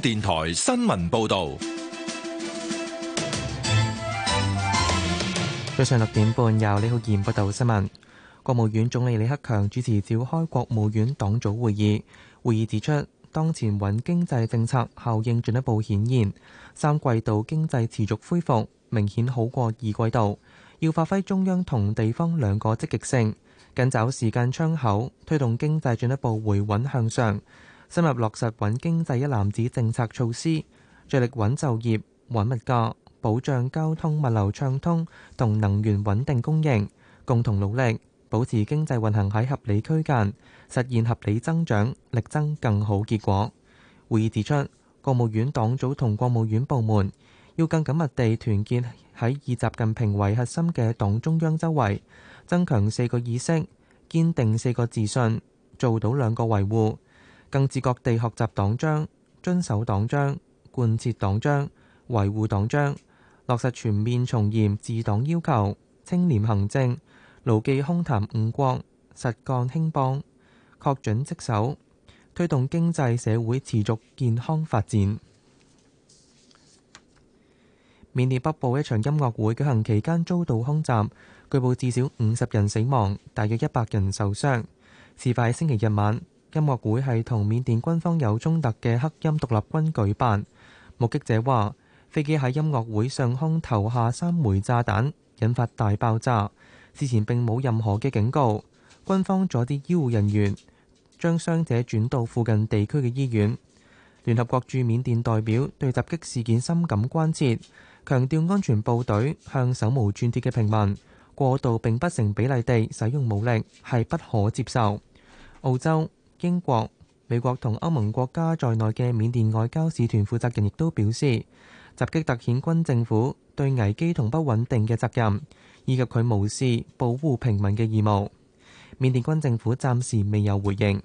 電台新聞報道，早上六點半由李浩賢報道新聞。國務院總理李克強主持召開國務院黨組會議，會議指出，當前穩經濟政策效應進一步顯現，三季度經濟持續恢復，明顯好過二季度，要發揮中央同地方兩個積極性，緊找時間窗口，推動經濟進一步回穩向上。深入落實穩經濟一攬子政策措施，着力穩就業、穩物價，保障交通物流暢通同能源穩定供應，共同努力保持經濟運行喺合理區間，實現合理增長，力爭更好結果。會議指出，國務院黨組同國務院部門要更緊密地團結喺以習近平為核心嘅黨中央周圍，增強四個意識，堅定四個自信，做到兩個維護。更自覺地學習黨章，遵守黨章，貫徹黨章，維護黨章，落實全面從嚴治黨要求，清廉行政，牢記空談誤國，實幹興邦，確準職守，推動經濟社會持續健康發展。 緬甸北部一場音樂會舉行期間遭到空襲，據報至少五十人死亡，大約一百人受傷。事發喺星期日晚。音樂會係同緬甸軍方有衝突嘅克欽獨立軍舉辦。目擊者話，飛機喺音樂會上空投下三枚炸彈，引發大爆炸。事前並冇任何嘅警告。軍方阻啲醫護人員將傷者轉到附近地區嘅醫院。聯合國駐緬甸代表對襲擊事件深感關切，強調安全部隊向手無寸鐵嘅平民過度並不成比例地使用武力係不可接受。澳洲。英國、美國同歐盟國家在內嘅緬甸外交使團負責人亦都表示，襲擊特遣軍政府對危機同不穩定嘅責任，以及佢無視保護平民嘅義務。緬甸軍政府暫時未有回應。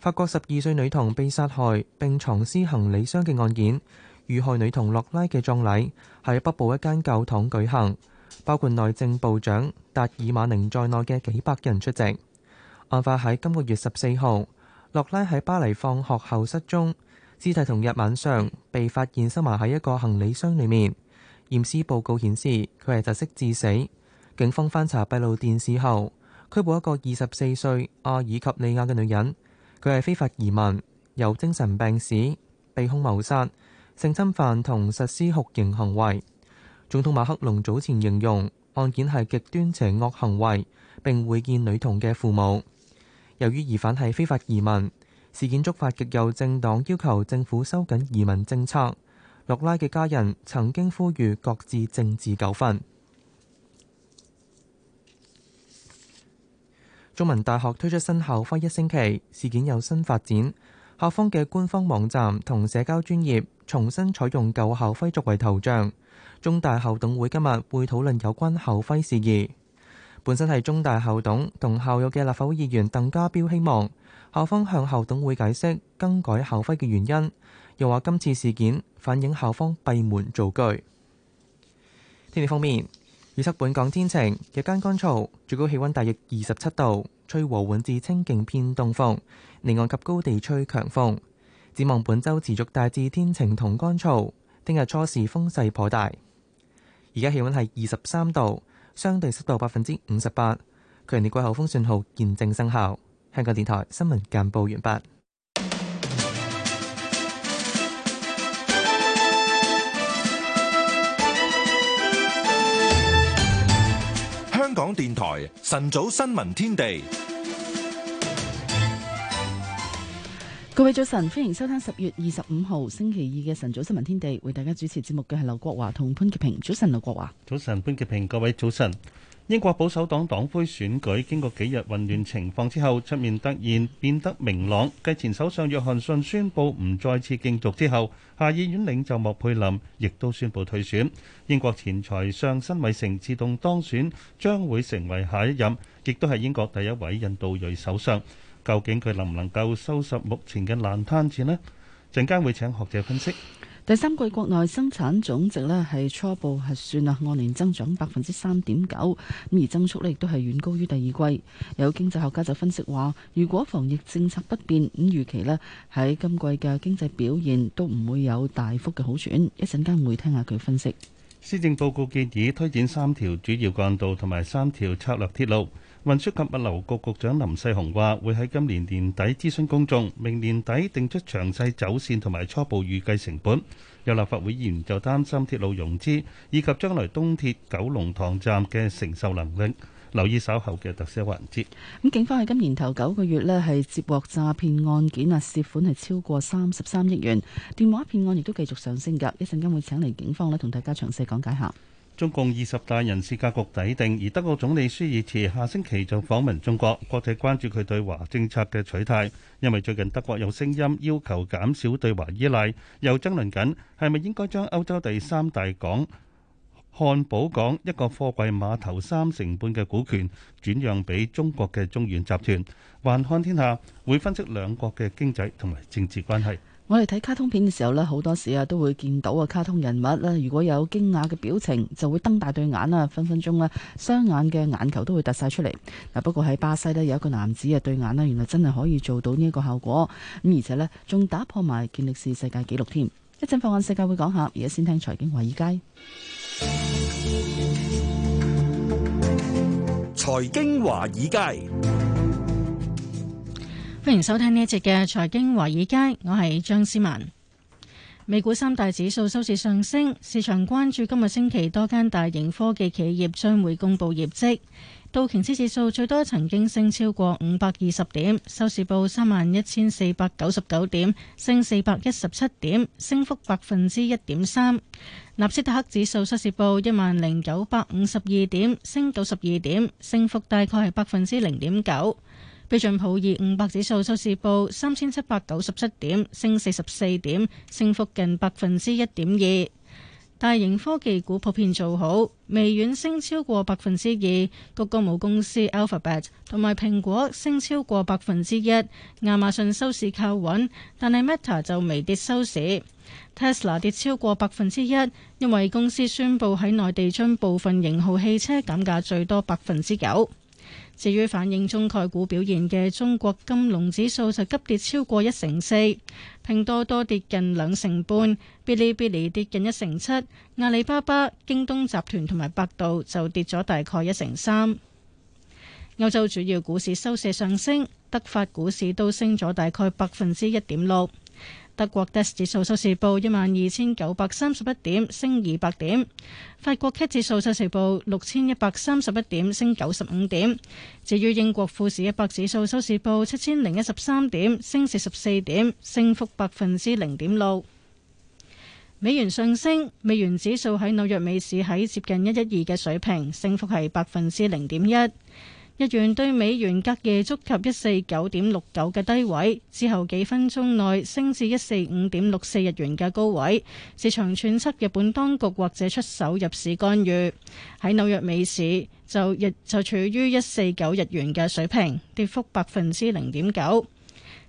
法國十二歲女童被殺害並藏屍行李箱嘅案件，遇害女童洛拉嘅葬禮喺北部一間教堂舉行，包括內政部長達爾馬寧在內嘅幾百人出席。案發喺今個月十四號，洛拉喺巴黎放學後失蹤，屍體同日晚上被發現收埋喺一個行李箱裏面。驗屍報告顯示佢係窒息致死。警方翻查閉路電視後，拘捕一個二十四歲阿爾及利亞嘅女人，佢係非法移民，有精神病史，被控謀殺、性侵犯同實施酷刑行為。總統馬克龍早前形容案件係極端邪惡行為，並會見女童嘅父母。由於疑犯係非法移民，事件觸發極右政黨要求政府收緊移民政策。洛拉嘅家人曾經呼籲各自政治糾紛。中文大學推出新校徽一星期，事件有新發展。校方嘅官方網站同社交專頁重新採用舊校徽作為頭像。中大校董會今日會討論有關校徽事宜。本身係中大校董同校友嘅立法會議員鄧家彪希望校方向校董會解釋更改校徽嘅原因，又話今次事件反映校方閉門造句。天氣方面預測本港天晴日間乾燥，最高氣温大約二十七度，吹和緩至清勁偏東風，離岸及高地吹強風。展望本週持續大致天晴同乾燥，聽日初時風勢頗大。而家氣溫係二十三度，相對濕度百分之五十八，強烈季候風信號現正生效。香港電台新聞簡報完畢。香港電台晨早新聞天地。各位早晨，歡迎收聽十月二十五號星期二嘅晨早新聞天地，為大家主持節目嘅係劉國華同潘潔平。早晨，劉國華。早晨，潘潔平。各位早晨。英國保守黨黨黨魁選舉經過幾日混亂情況之後，出面突然變得明朗。繼前首相約翰遜宣布唔再次競逐之後，下議院領袖莫佩林亦都宣布退選。英國前財相辛偉成自動當選，將會成為下一任，亦都係英國第一位印度裔首相。究竟佢能唔能夠收拾目前嘅爛攤子呢？陣間會請學者分析。第三季國內生產總值呢係初步核算啦，按年增長百分之三點九，咁而增速呢亦都係遠高於第二季。有經濟學家就分析話，如果防疫政策不變，咁預期呢喺今季嘅經濟表現都唔會有大幅嘅好轉。一陣間會聽下佢分析。施政報告建議推展三條主要幹道同埋三條策略鐵路。運輸及物流局局長林世雄話：會喺今年年底諮詢公眾，明年底定出詳細走線同埋初步預計成本。有立法會議員就擔心鐵路融資以及將來東鐵九龍塘站嘅承受能力，留意稍後嘅特色環節。咁警方喺今年頭九個月呢係接獲詐騙案件啊，涉款係超過三十三億元，電話騙案亦都繼續上升噶。一陣間會請嚟警方呢同大家詳細講解下。中共二十大人事格局底定，而德國總理舒爾茨下星期就訪問中國，國際關注佢對華政策嘅取態。因為最近德國有聲音要求減少對華依賴，又爭論緊係咪應該將歐洲第三大港漢堡港一個貨櫃碼頭三成半嘅股權轉讓俾中國嘅中遠集團。還看天下會分析兩國嘅經濟同埋政治關係。我哋睇卡通片嘅時候咧,好多時啊都會見到啊卡通人物咧，如果有驚訝嘅表情，就會瞪大對眼啦，分分鐘咧雙眼嘅眼球都會凸晒出嚟。嗱，不過喺巴西咧有一個男子啊，對眼咧原來真係可以做到呢一個效果，咁而且咧仲打破埋健力士世界紀錄添。一陣放眼世界會講下，而家先聽財經華爾街。財經華爾街。歡迎收聽呢一節嘅財經華爾街，我係張思文。美股三大指數收市上升，市場關注今日星期多間大型科技企業將會公布業績。道瓊斯指數最多曾經升超過五百二十點，收市報三萬一千四百九十九點，升四百一十七點，升幅百分之一點三。納斯達克指數收市報一萬零九百五十二點，升九十二點，升幅大概係百分之零點九。標準普爾五百指數收市報三千七百九十七點，升四十四點，升幅近百分之一點二。大型科技股普遍做好，微軟升超過百分之二，谷歌母公司 Alphabet 同埋蘋果升超過百分之一。亞馬遜收市靠穩，但係 Meta 就微跌收市。Tesla 跌超過百分之一，因為公司宣布喺內地將部分型號汽車減價最多百分之九。至於反映中概股表現嘅中國金龍指數就急跌超過一成四，拼多多跌近兩成半，嗶哩嗶哩跌近一成七，阿里巴巴、京東集團同埋百度就跌咗大概一成三。歐洲主要股市收市上升，德法股市都升咗大概百分之一點六。德國德指數收市報一萬二千九百三十一點，升二百點。法國 K 指數收市報六千一百三十一點，升九十五點。至於英國富時一百指數收市報七千零一十三點，升四十四點，升幅百分之零點六。美元上升，美元指數喺紐約美市喺接近一一二嘅水平，升幅係百分之零點一。日元對美元隔夜觸及一四九點六九嘅低位，之後幾分鐘內升至一四五點六四日元嘅高位。市場揣測日本當局或者出手入市干預。喺紐約美市就日就處於一四九日元嘅水平，跌幅百分之零點九。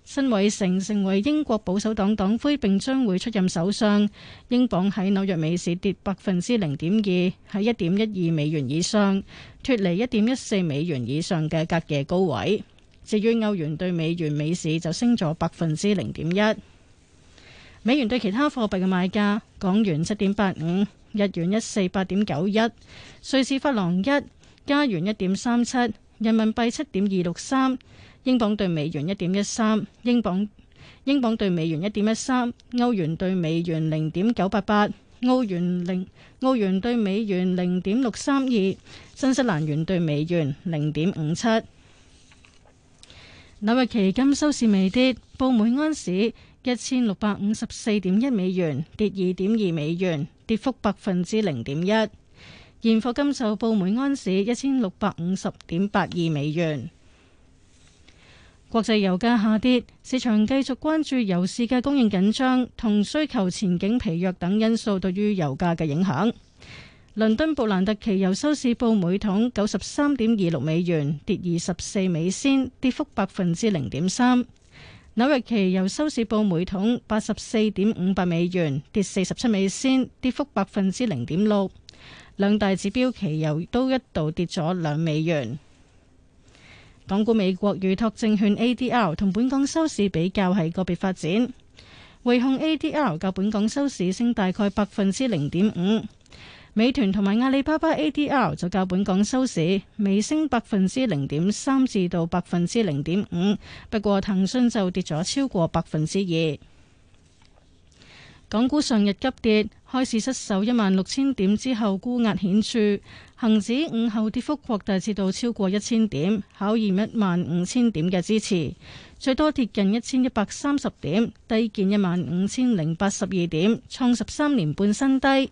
新委成成為英國保守黨黨魁，並將會出任首相。英鎊喺紐約美市跌百分之零點二，喺一點一二美元以上，脫離一點一四美元以上嘅隔夜高位。至於歐元對美元，美市就升咗百分之零點一。美元對其他貨幣嘅賣價：港元七點八五，日元一四八點九一，瑞士法郎一，加元一點三七，人民幣七點二六三。英鎊兌美元一點一三，英鎊英鎊兌美元一點一三，歐元兌美元零點九八八，澳元零澳元兌美元零點六三二，新西蘭元兌美元零點五七。紐約期金收市微跌，報每安士一千六百五十四點一美元，跌二點二美元，跌幅百分之零點一。現貨金就報每安士一千六百五十點八二美元。國際油價下跌，市場繼續關注油市嘅供應緊張同需求前景疲弱等因素對於油價嘅影響。倫敦布蘭特期油收市報每桶九十三點二六美元，跌二十四美仙，跌幅百分之零點三；紐約期油收市報每桶八十四點五八美元，跌四十七美仙，跌幅百分之零點六。兩大指標期油都一度跌咗兩美元。港股、美國預託證券 ADR 同本港收市比較係個別發展，匯控 ADR 較本港收市升大概百分之零點五，美團同埋阿里巴巴 ADR 就較本港收市微升百分之零點三至到百分之零點五，不過騰訊就跌咗超過百分之二。港股上日急跌，開市失守一萬六千點之後，沽壓顯著。恒指午後跌幅擴大至到超過一千點，考驗一萬五千點嘅支持，最多跌近一千一百三十點，低見一萬五千零八十二點，創十三年半新低。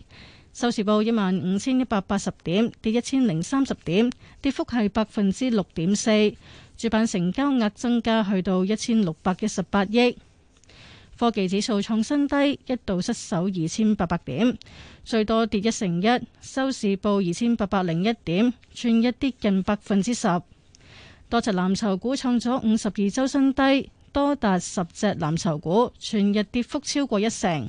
收市報一萬五千一百八十點，跌一千零三十點，跌幅係百分之六點四。主板成交額增加去到一千六百一十八億。科技指數創新低，一度失守二千八百點，最多跌一成一，收市報二千八百零一點，全日跌近百分之十。多隻藍籌股創咗五十二周新低，多達十隻藍籌股全日跌幅超過一成。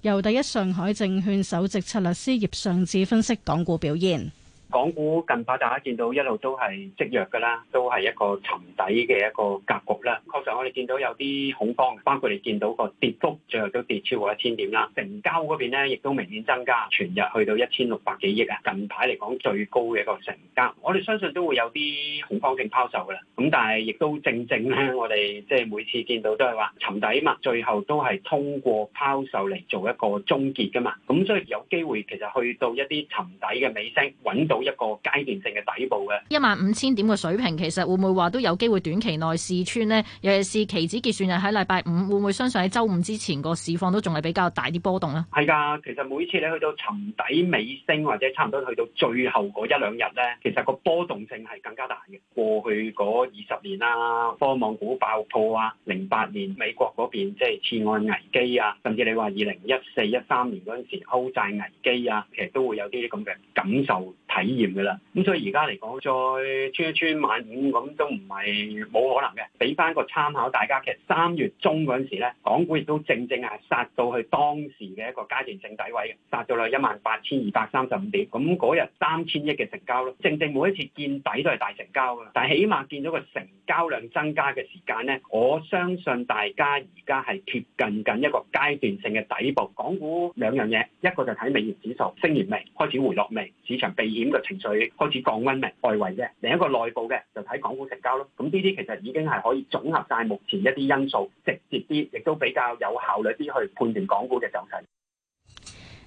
由第一上海證券首席策略師葉尚志分析港股表現。港股近排大家見到一路都係積弱㗎啦，都係一個沉底嘅一個格局啦。確實我哋見到有啲恐慌，包括你見到個跌幅最後都跌超過一千點啦。成交嗰邊咧亦都明顯增加，全日去到一千六百幾億啊！近排嚟講最高嘅一個成交，我哋相信都會有啲恐慌性拋售㗎啦。咁但係亦都正正咧，我哋即係每次見到都係話沉底嘛，最後都係通過拋售嚟做一個終結㗎嘛。咁所以有機會其實去到一啲沉底嘅尾聲揾到。到一個階段性嘅底部嘅一萬五千點嘅水平，其實會唔會話都有機會短期內試穿呢？尤其是期指結算日喺禮拜五，會唔會相信喺周五之前個市況都仲係比較大啲波動咧？係㗎，其實每次你去到尋底尾聲或者差唔多去到最後嗰一兩日咧，其實個波動性係更加大嘅。過去嗰二十年啦，科網股爆破啊，零八年美國嗰邊即係次按危機啊，甚至你話二零一四一三年嗰陣時歐債危機啊，其實都會有啲啲咁嘅感受睇。止炎嘅啦，咁、嗯、所以而家嚟講，再穿一穿萬五咁都唔係冇可能嘅。俾翻個參考，大家嘅，三月中嗰陣時咧，港股亦都正正係殺到去當時嘅一個階段性底位嘅，殺到啦一萬八千二百三十五點。咁嗰日三千億嘅成交咯，正正每一次見底都係大成交嘅。但係起碼見到個成交量增加嘅時間咧，我相信大家而家係貼近緊一個階段性嘅底部。港股兩樣嘢，一個就睇美元指數升完未，開始回落未，市場避險。情緒開始降溫，明外圍嘅，另一個內部嘅就睇港股成交咯。咁呢啲其實已經係可以總合晒目前一啲因素，直接啲亦都比較有效率啲去判斷港股嘅走勢。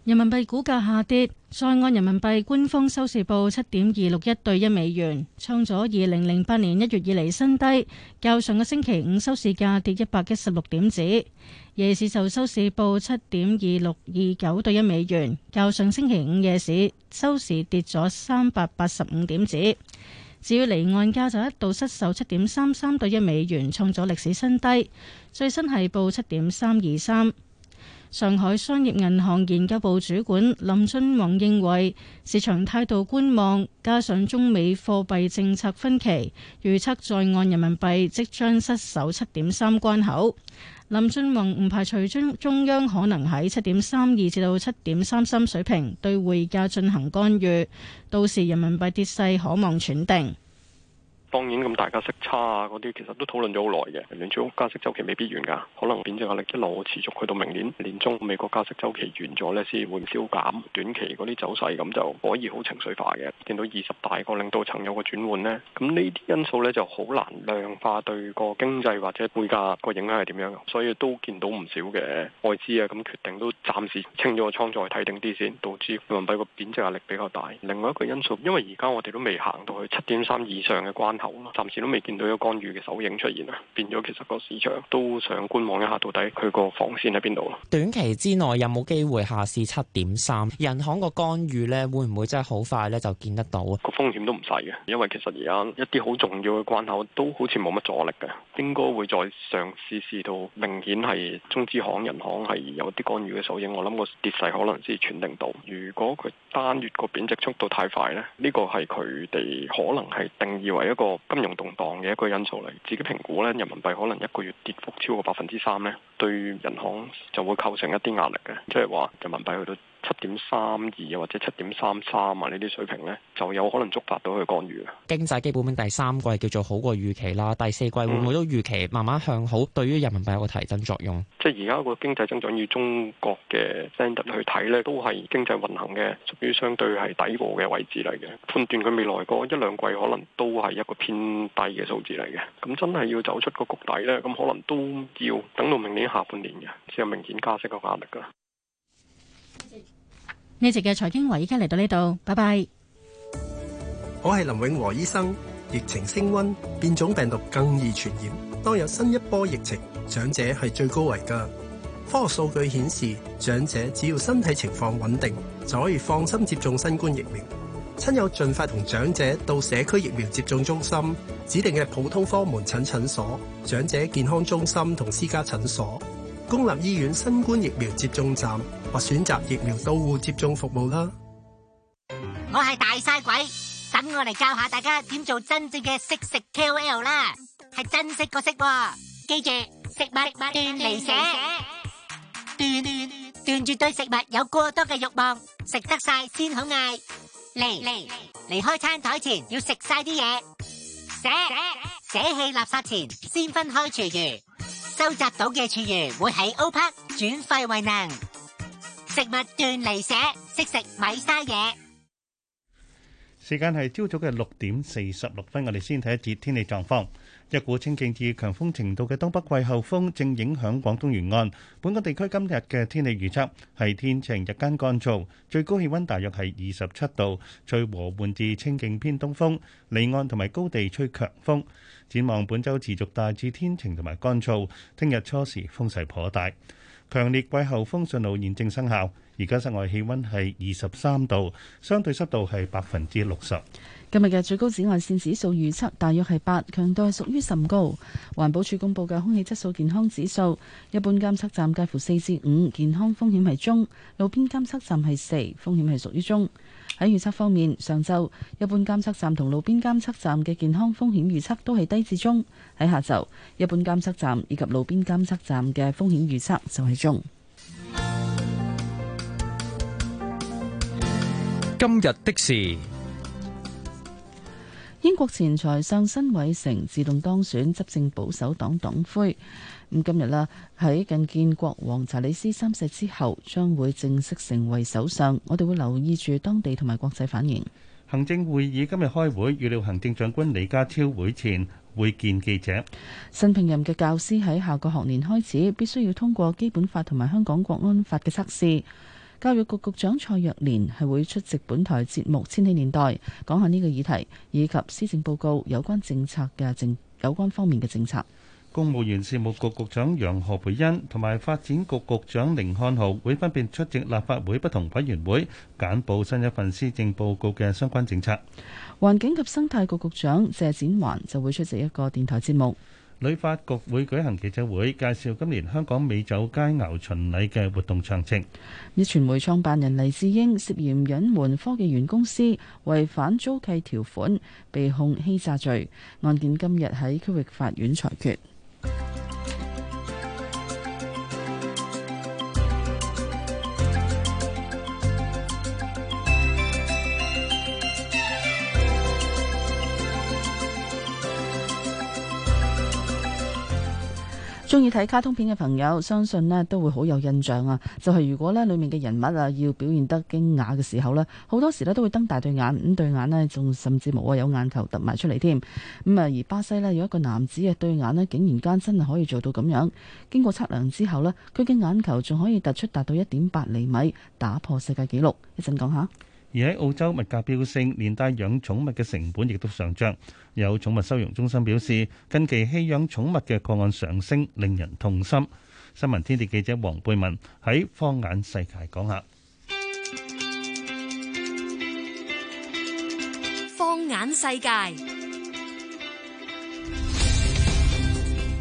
人民幣股價下跌，在岸人民幣官方收市報七點二六一兌一美元，創咗二零零八年一月以嚟新低，較上個星期五收市價跌一百一十六點子。夜市就收市報七點二六二九兌一美元，較上星期五夜市收市跌咗三百八十五點子。至於離岸價就一度失守七點三三兌一美元，創咗歷史新低，最新係報七點三二三。上海商業銀行研究部主管林俊宏認為，市場態度觀望，加上中美貨幣政策分歧，預測在岸人民幣即將失守七點三關口。林俊宏唔排除中中央可能喺七點三二至到七點三三水平對匯價進行干預，到時人民幣跌勢可望喘定。當然咁大家息差啊，嗰啲其實都討論咗好耐嘅。聯儲局加息周期未必完㗎，可能貶值壓力一路持續去到明年年中，美國加息周期完咗呢，先會消減短期嗰啲走勢，咁就可以好情緒化嘅。見到二十大個領導層有個轉換呢，咁呢啲因素呢就好難量化對個經濟或者匯價個影響係點樣嘅。所以都見到唔少嘅外資啊，咁決定都暫時清咗個倉再睇定啲先，導致人民幣個貶值壓力比較大。另外一個因素，因為而家我哋都未行到去七點三以上嘅關。暫時都未見到有干預嘅手影出現啊，變咗其實個市場都想觀望一下，到底佢個防線喺邊度咯？短期之內有冇機會下試七點三？人行個干預呢，會唔會真係好快呢？就見得到？個風險都唔細嘅，因為其實而家一啲好重要嘅關口都好似冇乜阻力嘅，應該會再嘗試試到明顯係中資行、人行係有啲干預嘅手影。我諗個跌勢可能先傳定到，如果佢單月個貶值速度太快呢，呢個係佢哋可能係定義為一個。金融動盪嘅一個因素嚟，自己評估咧，人民幣可能一個月跌幅超過百分之三咧，對銀行就會構成一啲壓力嘅，即係話人民幣去到。七點三二或者七點三三啊，呢啲水平呢就有可能觸發到佢干預。經濟基本面第三季叫做好過預期啦，第四季會唔會都預期慢慢向好，對於人民幣有個提振作用？嗯、即係而家個經濟增長與中國嘅 standard 去睇呢，都係經濟運行嘅屬於相對係底部嘅位置嚟嘅。判斷佢未來個一兩季可能都係一個偏低嘅數字嚟嘅。咁真係要走出個谷底呢，咁可能都要等到明年下半年嘅，先有明顯加息個壓力㗎。呢集嘅財經話，依家嚟到呢度，拜拜。我係林永和醫生。疫情升溫，變種病毒更易傳染。當有新一波疫情，長者係最高危㗎。科學數據顯示，長者只要身體情況穩定，就可以放心接種新冠疫苗。親友盡快同長者到社區疫苗接種中心、指定嘅普通科門診診所、長者健康中心同私家診所、公立醫院新冠疫苗接種站。我選擇疫苗到戶接種服務啦。我係大嘥鬼，等我嚟教下大家點做真正嘅識食 KOL 啦，係珍惜個識喎。記住食物斷離捨。斷，斷，斷絕對食物有過多嘅欲望，食得晒先好嗌。離，離，離開餐台前要食晒啲嘢。捨，捨棄垃圾前先分開廚餘，收集到嘅廚餘會喺 O·PARK 轉廢為能。食物斷捨離，識食咪嘥嘢。時間係朝早嘅六點四十六分，我哋先睇一節天氣狀況。一股清勁至強風程度嘅東北季候風正影響廣東沿岸。本港地區今日嘅天氣預測係天晴，日間乾燥，最高氣温大約係二十七度，吹和緩至清勁偏東風，離岸同埋高地吹強風。展望本周持續大致天晴同埋乾燥，聽日初時風勢頗大。強烈季候風信號現正生效，而家室外氣溫係二十三度，相對濕度係百分之六十。今日嘅最高紫外線指數預測大約係八，強度係屬於甚高。環保署公布嘅空氣質素健康指數，一般監測站介乎四至五，健康風險係中；路邊監測站係四，風險係屬於中。喺預測方面，上晝一般監測站同路邊監測站嘅健康風險預測都係低至中；喺下晝，一般監測站以及路邊監測站嘅風險預測就係中。今日的事。英國前財相辛偉誠自動當選執政保守黨黨魁，咁今日啦喺覲見國王查理斯三世之後，將會正式成為首相。我哋會留意住當地同埋國際反應。行政會議今日開會，預料行政長官李家超會前會見記者。新聘任嘅教師喺下個學年開始，必須要通過基本法同埋香港國安法嘅測試。教育局局長蔡若蓮係會出席本台節目《千禧年代》，講下呢個議題以及施政報告有關政策嘅政有關方面嘅政策。公務員事務局局，局長楊何培恩同埋發展局局長寧漢豪會分別出席立法會不同委員會簡報新一份施政報告嘅相關政策。環境及生態局局長謝展環就會出席一個電台節目。旅發局會舉行記者會，介紹今年香港美酒佳肴巡禮嘅活動詳情。壹傳媒創辦人黎智英涉嫌隱瞞科技園公司違反租契條款，被控欺詐罪，案件今日喺區域法院裁決。中意睇卡通片嘅朋友，相信咧都會好有印象啊！就係、是、如果咧裡面嘅人物啊，要表現得驚訝嘅時候咧，好多時咧都會瞪大對眼，咁、嗯、對眼咧仲甚至冇啊有，有眼球凸埋出嚟添。咁啊，而巴西咧有一個男子嘅對眼咧，竟然間真係可以做到咁樣。經過測量之後咧，佢嘅眼球仲可以突出達到一點八厘米，打破世界紀錄。講一陣講下。而喺澳洲，物價飆升，連帶養寵物嘅成本亦都上漲。有寵物收容中心表示，近期棄養寵物嘅個案上升，令人痛心。新聞天地記者黃貝文喺《放眼世界》講下。放眼世界，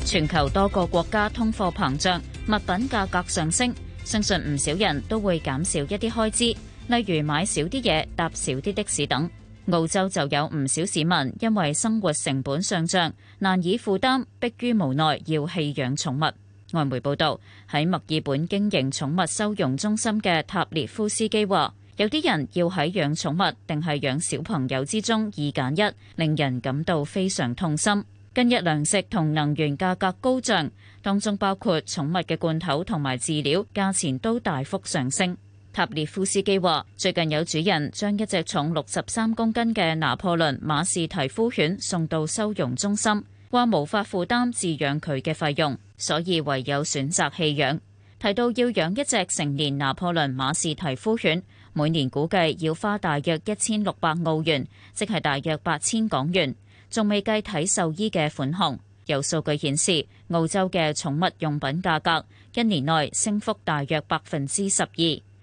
全球多個國家通貨膨脹，物品價格上升，相信唔少人都會減少一啲開支。例如買少啲嘢，搭少啲的士等。澳洲就有唔少市民因為生活成本上漲，難以負擔，迫於無奈要棄養寵物。外媒報道，喺墨爾本經營寵物收容中心嘅塔列夫斯基話，有啲人要喺養寵物定係養小朋友之中二揀一，令人感到非常痛心。近日糧食同能源價格高漲，當中包括寵物嘅罐頭同埋飼料價錢都大幅上升。塔列夫斯基話，最近有主人將一隻重六十三公斤嘅拿破崙馬士提夫犬送到收容中心，話無法負擔飼養佢嘅費用，所以唯有選擇棄養。提到要養一隻成年拿破崙馬士提夫犬，每年估計要花大約一千六百澳元，即係大約八千港元，仲未計睇獸醫嘅款項。有數據顯示，澳洲嘅寵物用品價格一年內升幅大約百分之十二。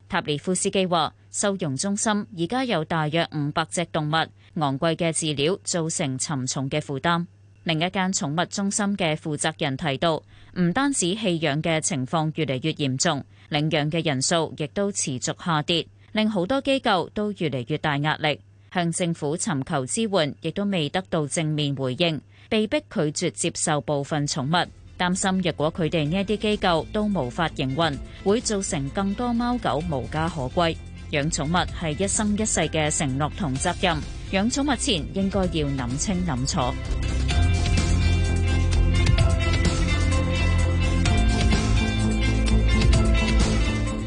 塔利夫斯基話，收容中心而家有大約五百隻動物，昂貴嘅治療造成沉重嘅負擔，另一間寵物中心嘅負責人提到，唔單止棄養嘅情況越嚟越嚴重，領養嘅人數亦都持續下跌，令好多機構都越嚟越大壓力，向政府尋求支援，亦都未得到正面回應，被逼拒，拒絕接受部分寵物。擔心，若果佢哋呢一啲機構都無法營運，會造成更多貓狗無家可歸。養寵物係一生一世嘅承諾同責任，養寵物前應該要諗清諗楚。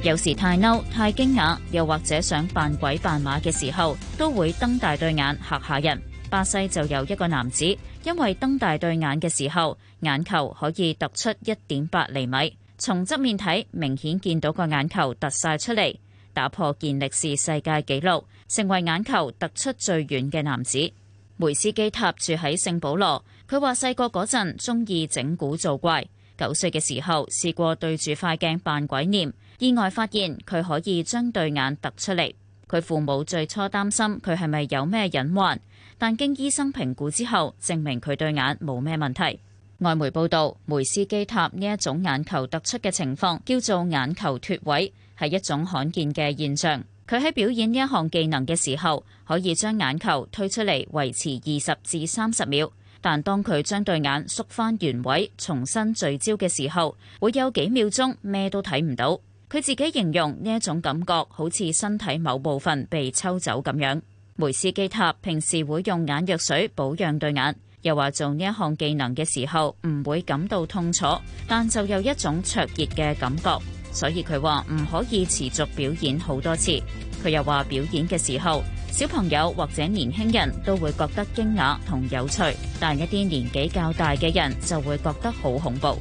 有時太嬲、太驚訝，又或者想扮鬼扮馬嘅時候，都會瞪大對眼吓吓人。巴西就有一個男子，因為瞪大對眼嘅時候，眼球可以突出一點八厘米，從側面睇明顯見到個眼球突晒出嚟，打破健力士世界紀錄，成為眼球突出最遠嘅男子。梅斯基塔住喺聖保羅，佢話細個嗰陣中意整蠱做怪，九歲嘅時候試過對住塊鏡扮鬼念，意外發現佢可以將對眼突出嚟。佢父母最初擔心佢係咪有咩隱患。但經醫生評估之後，證明佢對眼冇咩問題。外媒報道，梅斯基塔呢一種眼球突出嘅情況，叫做眼球脫位，係一種罕見嘅現象。佢喺表演呢項技能嘅時候，可以將眼球推出嚟維持二十至三十秒，但當佢將對眼縮翻原位，重新聚焦嘅時候，會有幾秒鐘咩都睇唔到。佢自己形容呢一種感覺，好似身體某部分被抽走咁樣。梅斯基塔平時會用眼藥水保養對眼，又話做呢一項技能嘅時候唔會感到痛楚，但就有一種灼熱嘅感覺。所以佢話唔可以持續表演好多次。佢又話表演嘅時候，小朋友或者年輕人都會覺得驚訝同有趣，但一啲年紀較大嘅人就會覺得好恐怖。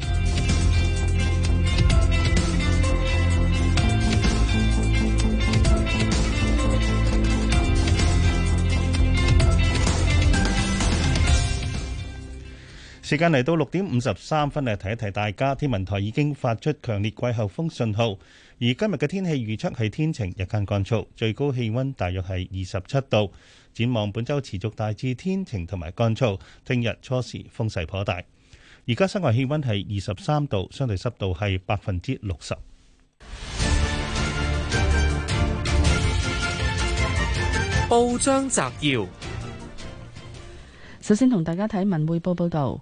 時間嚟到六點五十三分，嚟提一提大家。天文台已經發出強烈季候風信號，而今日嘅天氣預測係天晴，日間乾燥，最高氣溫大約係二十七度。展望本周持續大致天晴同埋乾燥，聽日初時風勢頗大。而家室外氣溫係二十三度，相對濕度係百分之六十。報章摘要，首先同大家睇文匯報報道。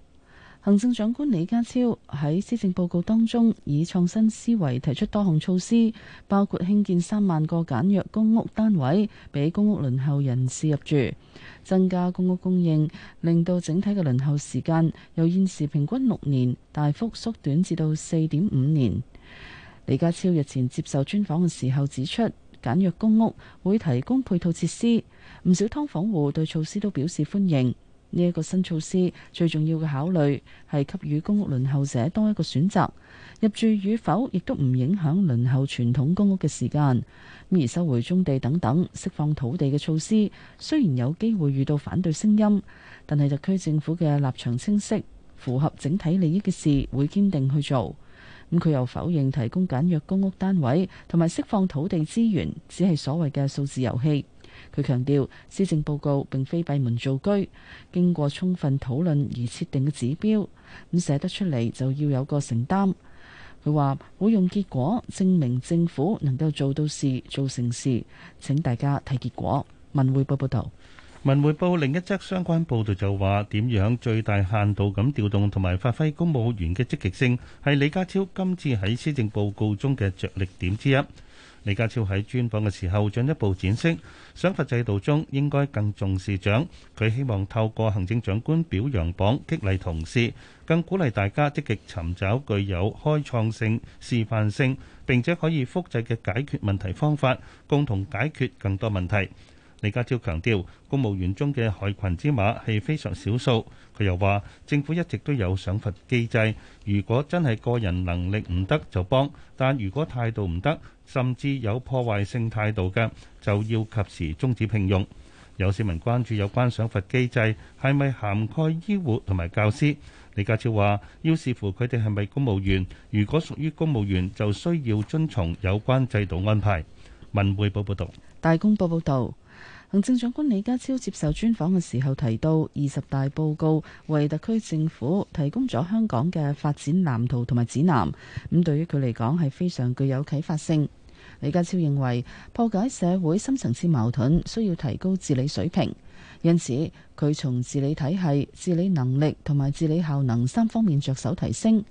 行政長官李家超喺施政報告當中，以創新思維提出多項措施，包括興建三萬個簡約公屋單位，俾公屋輪候人士入住，增加公屋供應，令到整體嘅輪候時間由現時平均六年大幅縮短至到四點五年。李家超日前接受專訪嘅時候指出，簡約公屋會提供配套設施，唔少劏房戶對措施都表示歡迎。呢一個新措施最重要嘅考慮係給予公屋輪候者多一個選擇，入住與否亦都唔影響輪候傳統公屋嘅時間。而收回棕地等等釋放土地嘅措施，雖然有機會遇到反對聲音，但係特區政府嘅立場清晰，符合整體利益嘅事會堅定去做。咁佢又否認提供簡約公屋單位同埋釋放土地資源只係所謂嘅數字遊戲。佢強調，施政報告並非閉門造車，經過充分討論而設定嘅指標，咁寫得出嚟就要有個承擔。佢話會用結果證明政府能夠做到事、做成事，請大家睇結果。文匯報報道，文匯報另一則相關報道就話，點樣最大限度咁調動同埋發揮公務員嘅積極性，係李家超今次喺施政報告中嘅着力點之一。李家超喺專訪嘅時候進一步展示賞罰制度中應該更重視獎。佢希望透過行政長官表揚榜激勵同事，更鼓勵大家積極尋找具有開創性、示範性並且可以複製嘅解決問題方法，共同解決更多問題。李家超強調，公務員中嘅害群之馬係非常少數。佢又話，政府一直都有賞罰機制，如果真係個人能力唔得就幫，但如果態度唔得，甚至有破壞性態度嘅，就要及時終止聘用。有市民關注有關賞罰機制係咪涵蓋醫護同埋教師？李家超話：要視乎佢哋係咪公務員，如果屬於公務員，就需要遵從有關制度安排。文匯報報道。大公報報道。行政長官李家超接受專訪嘅時候提到，二十大報告為特區政府提供咗香港嘅發展藍圖同埋指南，咁對於佢嚟講係非常具有啟發性。李家超認為破解社會深層次矛盾需要提高治理水平，因此佢從治理體系、治理能力同埋治理效能三方面着手提升。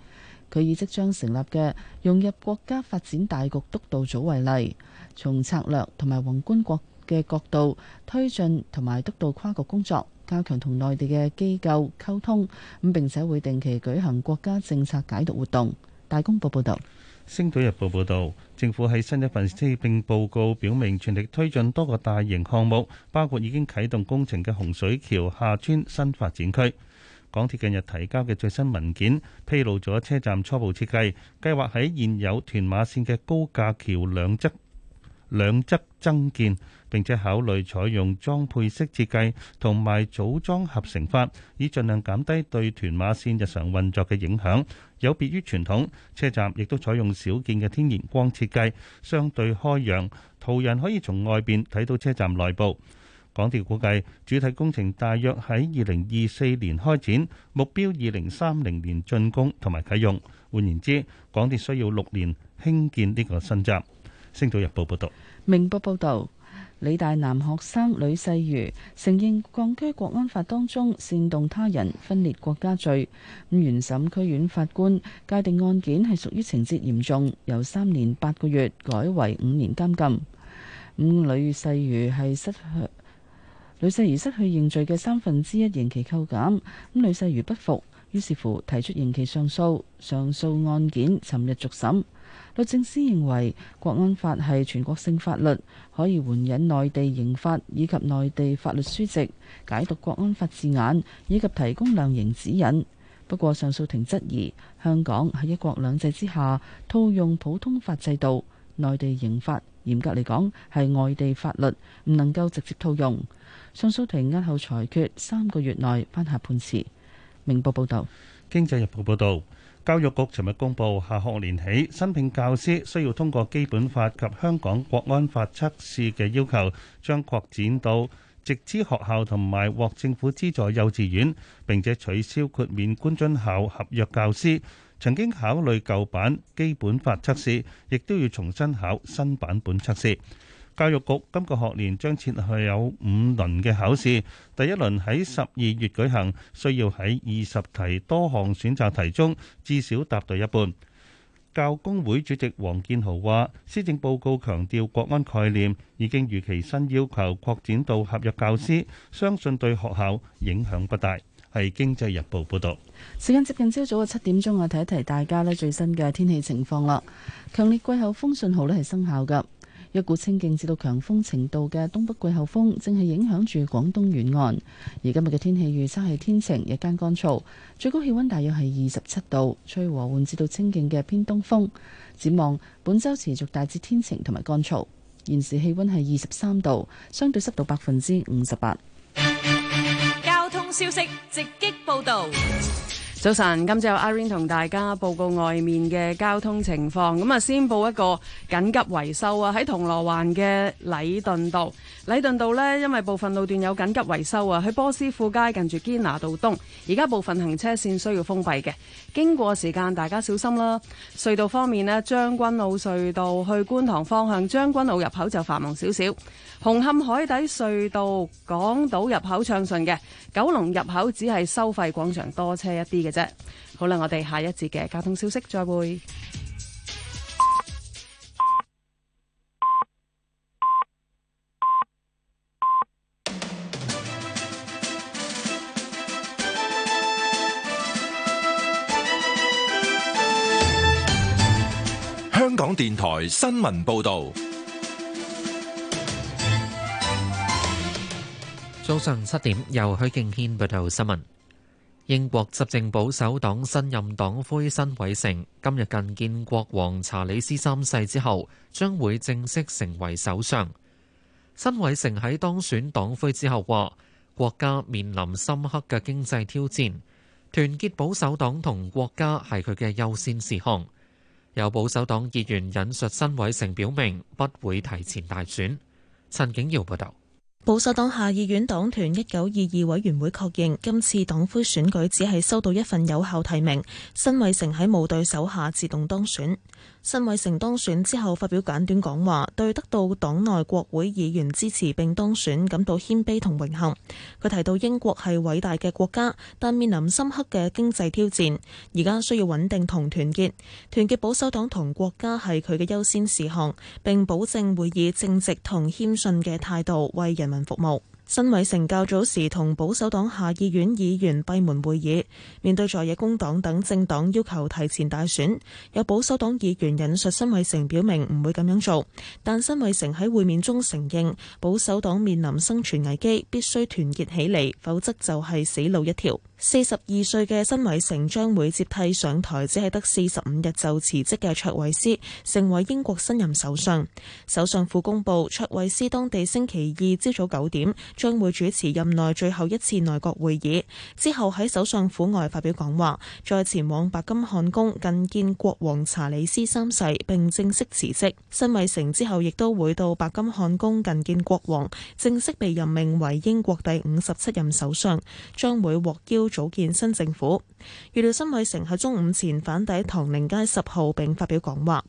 佢以即將成立嘅融入國家發展大局督導組為例，從策略同埋宏觀國嘅角度推進，同埋督導跨國工作，加強同內地嘅機構溝通咁。並且會定期舉行國家政策解讀活動。大公報報導，《星島日報》報導，政府喺新一份施政報告表明，全力推進多個大型項目，包括已經啟動工程嘅洪水橋下村新發展區。港鐵近日提交嘅最新文件披露咗車站初步設計，計劃喺現有屯馬線嘅高架橋兩側兩側增建。並且考慮採用裝配式設計同埋組裝合成法，以盡量減低對屯馬線日常運作嘅影響。有別於傳統車站，亦都採用少見嘅天然光設計，相對開揚，途人可以從外邊睇到車站內部。港鐵估計，主體工程大約喺二零二四年開展，目標二零三零年竣工同埋啟用。換言之，港鐵需要六年興建呢個新站。星島日報報道。明報報導。理大男學生呂世瑜承認《港區國安法》當中煽動他人分裂國家罪，咁原審區院法官界定案件係屬於情節嚴重，由三年八個月改為五年監禁。咁呂世瑜係失去呂世瑜失去認罪嘅三分之一刑期扣減。咁呂世瑜不服，於是乎提出刑期上訴，上訴案件尋日續審。律政司認為國安法係全國性法律，可以援引內地刑法以及內地法律書籍，解讀國安法字眼以及提供量刑指引。不過上訴庭質疑香港喺一國兩制之下套用普通法制度，內地刑法嚴格嚟講係外地法律，唔能夠直接套用。上訴庭押後裁決，三個月內頒下判詞。明報報導。經濟日報報導，教育局尋日公布，下學年起，新聘教師需要通過基本法及香港國安法測試嘅要求，將擴展到直資學校同埋獲政府資助幼稚園，並且取消豁免官津校合約教師，曾經考慮舊版基本法測試，亦都要重新考新版本測試。教育局今個學年將設有五輪嘅考試，第一輪喺十二月舉行，需要喺二十題多項選擇題中至少答對一半。教工會主席王建豪話，施政報告強調國安概念，已經預期新要求擴展到合約教師，相信對學校影響不大。係《經濟日報》報道。時間接近朝早嘅七點鐘，我提一提大家呢，最新嘅天氣情況啦。強烈季候風信號咧係生效嘅。一股清勁至到強風程度嘅東北季候風正係影響住廣東沿岸，而今日嘅天氣預測係天晴，日間乾燥，最高氣溫大約係二十七度，吹和緩至到清勁嘅偏東風。展望本周持續大致天晴同埋乾燥。現時氣溫係二十三度，相對濕度百分之五十八。交通消息直擊報道。早晨，今朝有 Irene 同大家報告外面嘅交通情況。咁啊，先報一個緊急維修啊，喺銅鑼灣嘅禮頓道。禮頓道呢，因為部分路段有緊急維修啊，去波斯富街近住堅拿道東，而家部分行車線需要封閉嘅，經過時間大家小心啦。隧道方面呢，將軍澳隧道去觀塘方向將軍澳入口就繁忙少少，紅磡海底隧道港島入口暢順嘅，九龍入口只係收費廣場多車一啲嘅啫。好啦，我哋下一節嘅交通消息再會。香港電台新聞報道，早上七點由許敬軒報道新聞。英國執政保守黨新任黨魁辛偉成今日覲見國王查理斯三世之後，將會正式成為首相。辛偉成喺當選黨魁之後話：國家面臨深刻嘅經濟挑戰，團結保守黨同國家係佢嘅優先事項。有保守黨議員引述辛偉誠表明，不會提前大選。陳景耀報道，保守黨下議院黨團一九二二委員會確認，今次黨魁選舉只係收到一份有效提名，辛偉誠喺無對手下自動當選。新偉誠當選之後發表簡短講話，對得到黨內國會議員支持並當選感到謙卑同榮幸。佢提到英國係偉大嘅國家，但面臨深刻嘅經濟挑戰，而家需要穩定同團結。團結保守黨同國家係佢嘅優先事項，並保證會以正直同謙遜嘅態度為人民服務。辛偉誠較早時同保守黨下議院議員閉門會議，面對在野工黨等政黨要求提前大選，有保守黨議員引述辛偉誠表明唔會咁樣做，但辛偉誠喺會面中承認保守黨面臨生存危機，必須團結起嚟，否則就係死路一條。四十二歲嘅辛偉誠將會接替上台只係得四十五日就辭職嘅卓慧思，成為英國新任首相。首相府公佈，卓慧思當地星期二朝早九點將會主持任內最後一次內閣會議，之後喺首相府外發表講話，再前往白金漢宮覲見國王查理斯三世並正式辭職。辛偉誠之後亦都會到白金漢宮覲見國王，正式被任命為英國第五十七任首相，將會獲邀都組建新政府，預料辛偉誠喺中午前返抵唐寧街十號，並發表講話。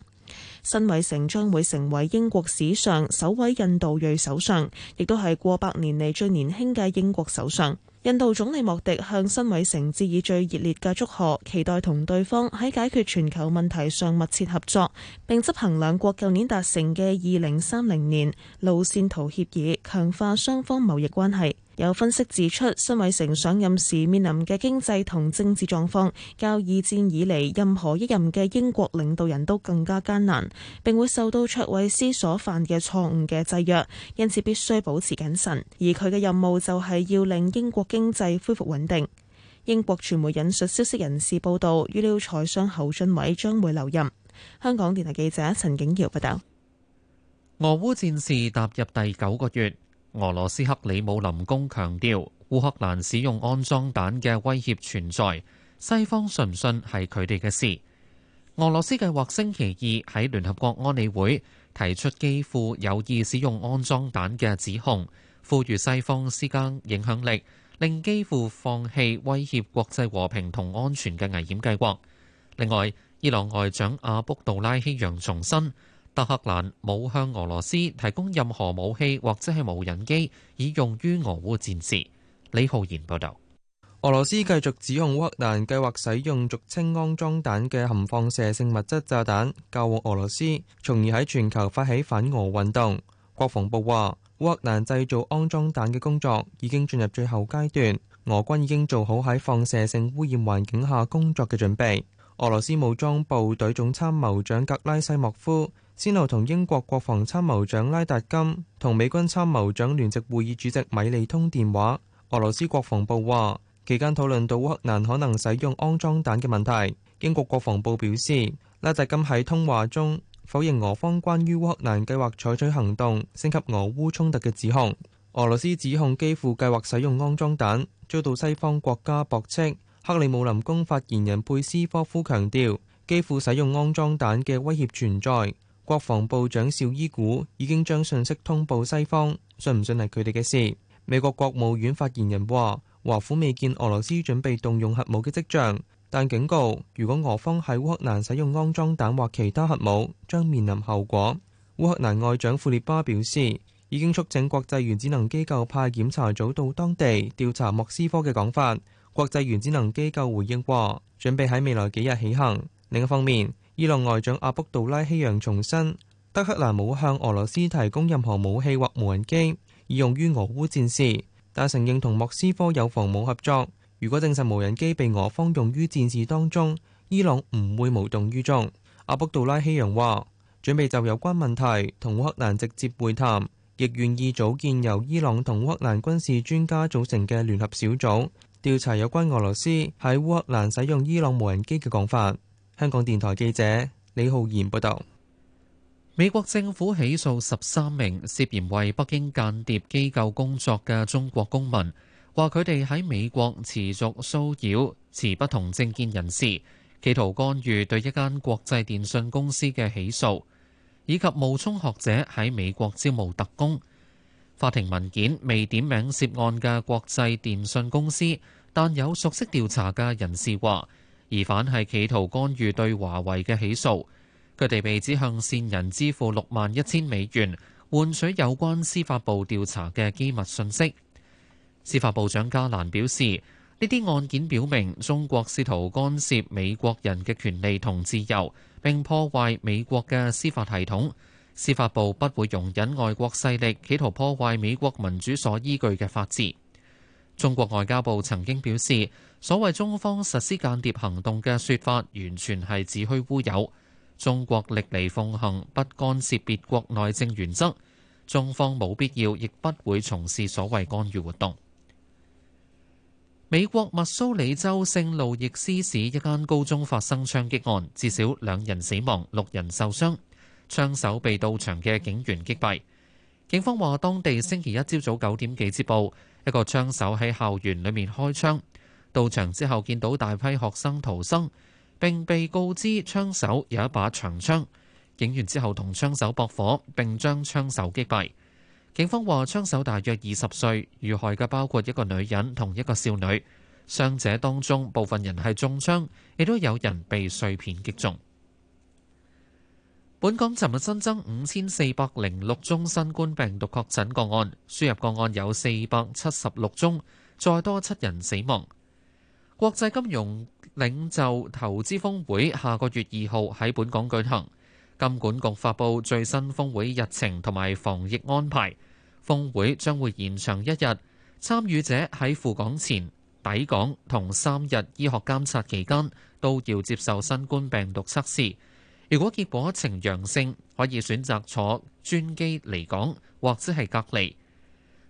辛偉誠將會成為英國史上首位印度裔首相，亦都係過百年嚟，最年輕嘅英國首相。印度總理莫迪向辛偉誠致以最熱烈嘅祝賀，期待同對方喺解決全球問題上密切合作，並執行兩國舊年達成嘅二零三零年路線圖協議，強化雙方貿易關係。有分析指出，辛偉誠上任時面臨嘅經濟同政治狀況較二戰以嚟任何一任嘅英國領導人都更加艱難，並會受到卓偉斯所犯嘅錯誤嘅制約，因此必須保持謹慎。而佢嘅任務就係要令英國經濟恢復穩定。英國傳媒引述消息人士報道，預料財相侯俊偉將會留任。香港電台記者陳景瑤報道。俄烏戰事踏入第九個月。俄羅斯克里姆林宮強調，烏克蘭使用骯髒彈嘅威脅存在，西方信唔信係佢哋嘅事。俄羅斯計劃星期二喺聯合國安理會提出基輔有意使用骯髒彈嘅指控，賦予西方施加影響力，令基輔放棄威脅國際和平同安全嘅危險計劃。另外，伊朗外長阿卜杜拉希揚重申。德克蘭冇向俄羅斯提供任何武器或者係無人機以用於俄烏戰事。李浩然報道。俄羅斯繼續指控烏克蘭計劃使用俗稱安裝彈嘅含放射性物質炸彈教旺俄羅斯，從而喺全球發起反俄運動。國防部話烏克蘭製造安裝彈嘅工作已經進入最後階段，俄軍已經做好喺放射性污染環境下工作嘅準備，俄羅斯武裝部隊總參謀長格拉西莫夫。先後同英國國防參謀長拉達金同美軍參謀長聯席會議主席米利通電話。俄羅斯國防部話，期間討論到烏克蘭可能使用骯髒彈嘅問題。英國國防部表示，拉達金喺通話中否認俄方關於烏克蘭計劃採取行動升級俄烏衝突嘅指控。俄羅斯指控基輔計劃使用骯髒彈，遭到西方國家駁斥。克里姆林宮發言人佩斯科夫強調，基輔使用骯髒彈嘅威脅存在。國防部長紹伊古已經將信息通報西方，信唔信係佢哋嘅事。美國國務院發言人話：華府未見俄羅斯準備動用核武嘅跡象，但警告，如果俄方喺烏克蘭使用安裝彈或其他核武，將面臨後果。烏克蘭外長庫列巴表示，已經促請國際原子能機構派檢查組到當地調查莫斯科嘅講法。國際原子能機構回應話，準備喺未來幾日起行。另一方面，伊朗外長阿卜杜拉希揚重申，德克蘭冇向俄羅斯提供任何武器或無人機以用於俄烏戰事，但承認同莫斯科有防務合作。如果證實無人機被俄方用於戰事當中，伊朗唔會無動於衷。阿卜杜拉希揚話：準備就有關問題同烏克蘭直接會談，亦願意組建由伊朗同烏克蘭軍事專家組成嘅聯合小組調查有關俄羅斯喺烏克蘭使用伊朗無人機嘅講法。香港電台記者李浩然報道：美國政府起訴十三名涉嫌為北京間諜機構工作嘅中國公民，話佢哋喺美國持續騷擾持不同政見人士，企圖干預對一間國際電信公司嘅起訴，以及冒充學者喺美國招募特工。法庭文件未點名涉案嘅國際電信公司，但有熟悉調查嘅人士話，疑犯係企圖干預對華為嘅起訴，佢哋被指向線人支付六萬一千美元，換取有關司法部調查嘅機密信息。司法部長加蘭表示，呢啲案件表明中國試圖干涉美國人嘅權利同自由，並破壞美國嘅司法系統。司法部不會容忍外國勢力企圖破壞美國民主所依據嘅法治。中國外交部曾經表示，所謂中方實施間諜行動嘅説法，完全係子虛烏有。中國歷嚟奉行不干涉別國內政原則，中方冇必要亦不會從事所謂干預活動。美國密蘇里州聖路易斯市一間高中發生槍擊案，至少兩人死亡，六人受傷，槍手被到場嘅警員擊斃。警方話，當地星期一朝早九點幾接報，一個槍手喺校園裡面開槍。到場之後見到大批學生逃生，並被告知槍手有一把長槍。警員之後同槍手搏火，並將槍手擊斃。警方話，槍手大約二十歲，遇害嘅包括一個女人同一個少女。傷者當中部分人係中槍，亦都有人被碎片擊中。本港尋日新增五千四百零六宗新冠病毒確診個案，輸入個案有四百七十六宗，再多七人死亡。國際金融領袖投資峰會下個月二號喺本港舉行，金管局發布最新峰會日程同埋防疫安排。峰會將會延長一日，參與者喺赴港前抵港同三日醫學監察期間都要接受新冠病毒測試。如果結果呈陽性，可以選擇坐專機離港，或者係隔離。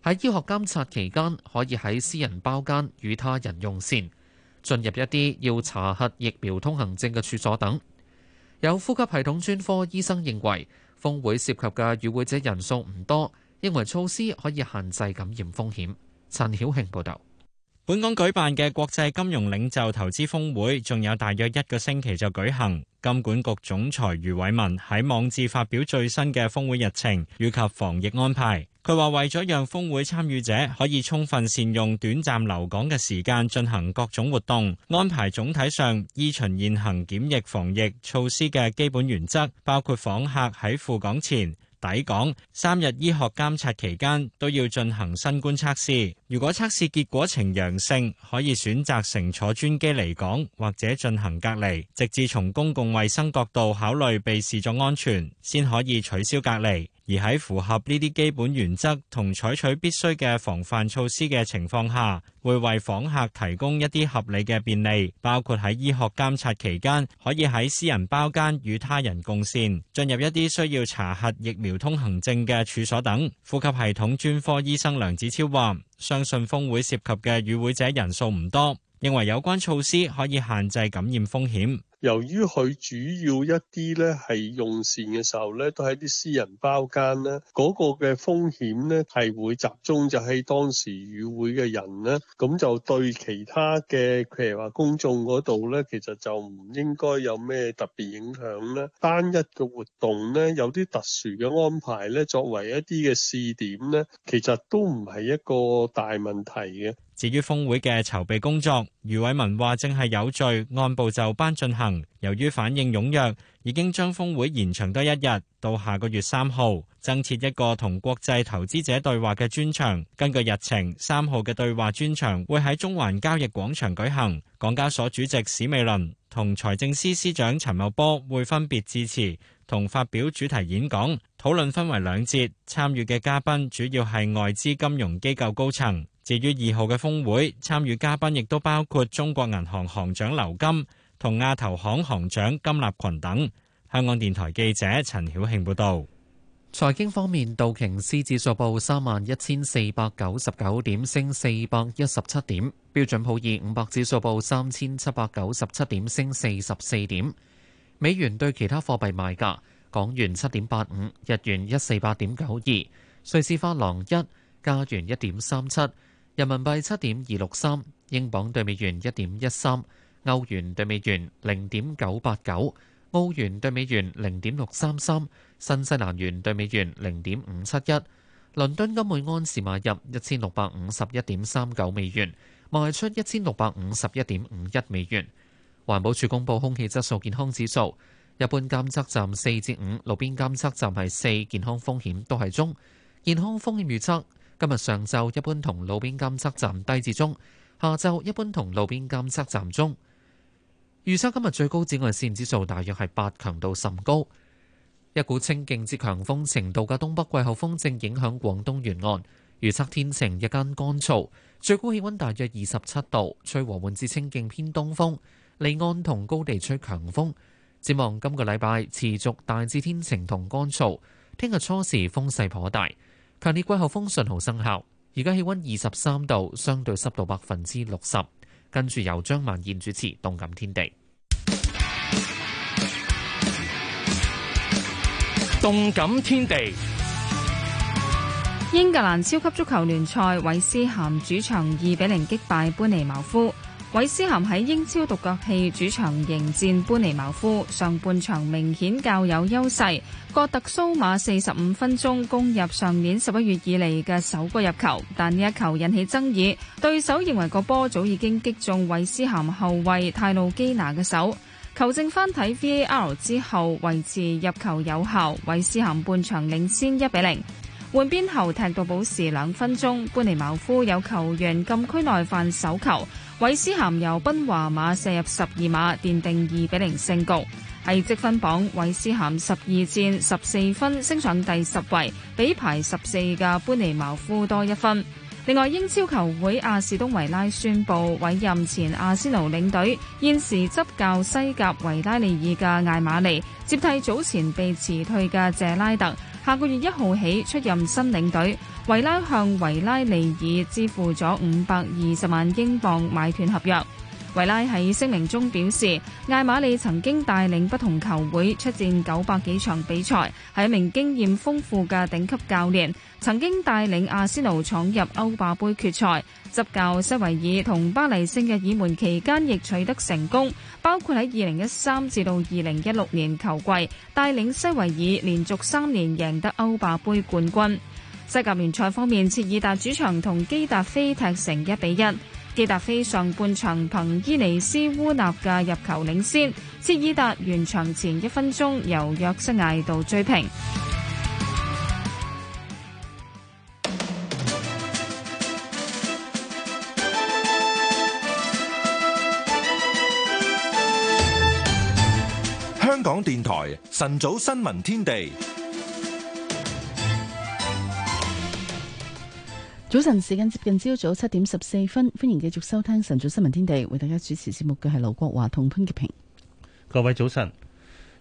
喺醫學監察期間，可以喺私人包間與他人用膳，進入一啲要查核疫苗通行證嘅處所等。有呼吸系統專科醫生認為，峰會涉及嘅與會者人數唔多，認為措施可以限制感染風險。陳曉慶報道。本港舉辦嘅國際金融領袖投資峰會，仲有大約一個星期就舉行。金管局總裁余偉文喺網誌發表最新嘅峰會日程以及防疫安排。佢話：為咗讓峰會參與者可以充分善用短暫留港嘅時間進行各種活動，安排總體上依循現行檢疫防疫措施嘅基本原則，包括訪客喺赴港前。抵港三日醫學監察期間都要進行新冠測試。如果測試結果呈陽性，可以選擇乘坐專機離港，或者進行隔離，直至從公共衛生角度考慮被視作安全，先可以取消隔離。而喺符合呢啲基本原則同採取必須嘅防範措施嘅情況下，會為訪客提供一啲合理嘅便利，包括喺醫學監察期間可以喺私人包間與他人共膳，進入一啲需要查核疫苗通行證嘅處所等。呼吸系統專科醫生梁子超話相信峰會涉及嘅與會者人數唔多，認為有關措施可以限制感染風險。由於佢主要一啲咧係用膳嘅時候咧，都喺啲私人包間咧，嗰個嘅風險咧係會集中就喺當時與會嘅人咧，咁就對其他嘅譬如話公眾嗰度咧，其實就唔應該有咩特別影響咧。單一嘅活動咧，有啲特殊嘅安排咧，作為一啲嘅試點咧，其實都唔係一個大問題嘅。至於峰會嘅籌備工作，余偉文話：正係有序按部就班進行。由於反應踴躍，已經將峰會延長多一日，到下個月三號，增設一個同國際投資者對話嘅專場。根據日程，三號嘅對話專場會喺中環交易廣場舉行。港交所主席史美倫同財政司司長陳茂波會分別致辭同發表主題演講。討論分為兩節，參與嘅嘉賓主要係外資金融機構高層。至於二號嘅峰會，參與嘉賓亦都包括中國銀行行長劉金同亞投行行長金立群等。香港電台記者陳曉慶報道：財經方面，道瓊斯指數報三萬一千四百九十九點，升四百一十七點；標準普爾五百指數報三千七百九十七點，升四十四點。美元對其他貨幣賣價：港元七點八五，日元一四八點九二，瑞士法郎一，加元一點三七。人民幣七點二六三，英鎊對美元一點一三，歐元對美元零點九八九，澳元對美元零點六三三，新西蘭元對美元零點五七一。倫敦金每盎司買入一千六百五十一點三九美元，賣出一千六百五十一點五一美元。環保署公布空氣質素健康指數，一般監測站四至五，路邊監測站係四，健康風險都係中，健康風險預測。今日上晝一般同路邊監測站低至中，下晝一般同路邊監測站中。預測今日最高紫外線指數大約係八，強度甚高。一股清勁至強風程度嘅東北季候風正影響廣東沿岸，預測天晴，日間乾燥，最高氣溫大約二十七度，吹和緩至清勁偏東風，離岸同高地吹強風。展望今個禮拜持續大致天晴同乾燥，聽日初時風勢頗大。強烈季候風信號生效，而家氣溫二十三度，相對濕度百分之六十。跟住由張曼燕主持《動感天地》。《動感天地》英格蘭超級足球聯賽，韋斯咸主場二比零擊敗班尼茅夫。韋斯咸喺英超獨腳戲主場迎戰般尼茅夫，上半場明顯較有優勢。戈特蘇馬四十五分鐘攻入上年十一月以嚟嘅首個入球，但呢一球引起爭議，對手認為個波早已經擊中韋斯咸後衛泰路基拿嘅手。球證翻睇 VAR 之後，維持入球有效，韋斯咸半場領先一比零。換邊後踢到保時兩分鐘，班尼茅夫有球員禁區內犯手球，韋斯咸由賓華馬射入十二碼，奠定二比零勝局。係積分榜，韋斯咸十二戰十四分，升上第十位，比排十四嘅班尼茅夫多一分。另外，英超球會阿士東維拉宣布委任前阿仙奴領隊，現時執教西甲維拉利爾嘅艾馬利接替早前被辭退嘅謝拉特，下個月一號起出任新領隊，維拉向維拉利爾支付咗五百二十萬英鎊買斷合約。維拉喺聲明中表示，艾馬利曾經帶領不同球會出戰九百幾場比賽，係一名經驗豐富嘅頂級教練。曾經帶領阿仙奴闖入歐霸杯決賽，執教西維爾同巴黎聖日耳門期間亦取得成功，包括喺二零一三至到二零一六年球季，帶領西維爾連續三年贏得歐霸杯冠軍。西甲聯賽方面，切爾達主場同基達菲踢成一比一。基達菲上半場憑伊尼斯烏納嘅入球領先，切爾達完場前一分鐘由約瑟艾度追平。香港電台晨早新聞天地。早晨，時間接近朝早七點十四分，歡迎繼續收聽晨早新聞天地。為大家主持節目嘅係劉國華同潘潔平。各位早晨。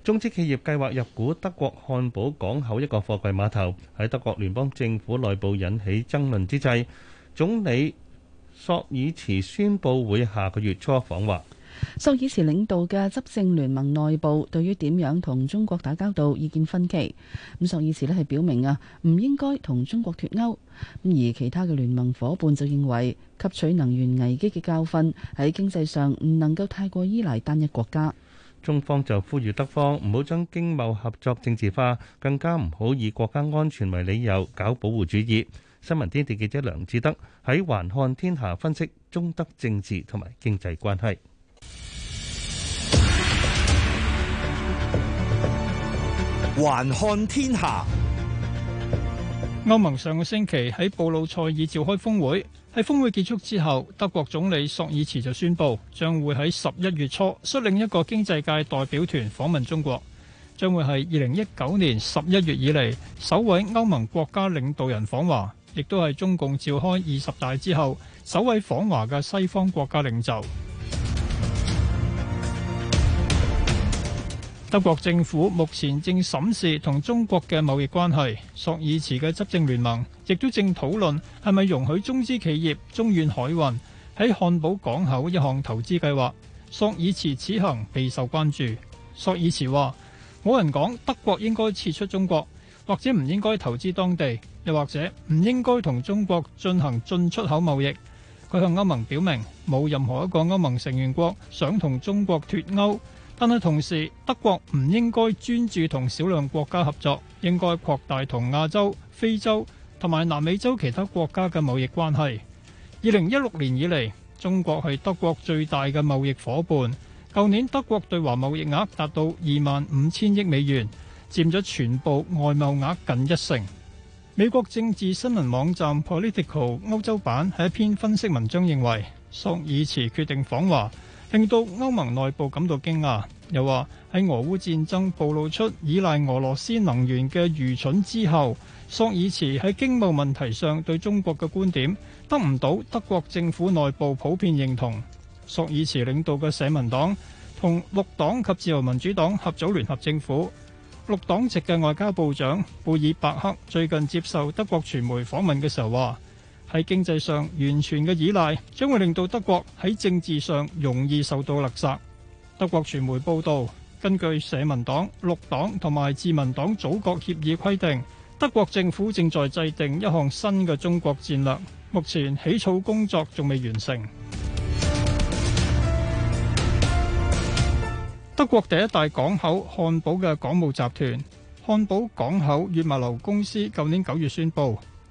中資企業計劃入股德國漢堡港口一個貨櫃碼頭，喺德國聯邦政府內部引起爭論之際，總理索爾茨宣布會下個月初訪華。朔爾茨領導嘅執政聯盟內部對於點樣同中國打交道意見分歧。咁朔爾茨呢係表明啊，唔應該同中國脫鉤。咁而其他嘅聯盟伙伴就認為吸取能源危機嘅教訓喺經濟上唔能夠太過依賴單一國家。中方就呼籲德方唔好將經貿合作政治化，更加唔好以國家安全為理由搞保護主義。新聞天地記者梁志德喺環看天下分析中德政治同埋經濟關係。還看天下，歐盟上個星期喺布魯塞爾召開峰會。喺峰會結束之後，德國總理索爾茨就宣佈，將會喺十一月初率領一個經濟界代表團訪問中國，將會係二零一九年十一月以嚟首位歐盟國家領導人訪華，亦都係中共召開二十大之後首位訪華嘅西方國家領袖。德國政府目前正審視同中國嘅貿易關係，朔爾茨嘅執政聯盟亦都正討論係咪容許中資企業中遠海運喺漢堡港口一項投資計劃。朔爾茨此行備受關注。朔爾茨話：冇人講德國應該撤出中國，或者唔應該投資當地，又或者唔應該同中國進行進出口貿易。佢向歐盟表明，冇任何一個歐盟成員國想同中國脫歐。但係同時，德國唔應該專注同少量國家合作，應該擴大同亞洲、非洲同埋南美洲其他國家嘅貿易關係。二零一六年以嚟，中國係德國最大嘅貿易伙伴。舊年德國對華貿易額達到二萬五千億美元，佔咗全部外貿額近一成。美國政治新聞網站 Political 歐洲版喺一篇分析文章認為，索爾茨決定訪華。令到歐盟內部感到驚訝，又話喺俄烏戰爭暴露出依賴俄羅斯能源嘅愚蠢之後，朔爾茨喺經貿問題上對中國嘅觀點得唔到德國政府內部普遍認同。朔爾茨領導嘅社民黨同綠黨及自由民主黨合組聯合政府，綠黨籍嘅外交部長貝爾伯克最近接受德國傳媒訪問嘅時候話。喺經濟上完全嘅依賴，將會令到德國喺政治上容易受到勒索。德國傳媒報道，根據社民黨、綠黨同埋自民黨組閣協議規定，德國政府正在制定一項新嘅中國戰略，目前起草工作仲未完成。德國第一大港口漢堡嘅港務集團漢堡港口與物流公司，舊年九月宣布，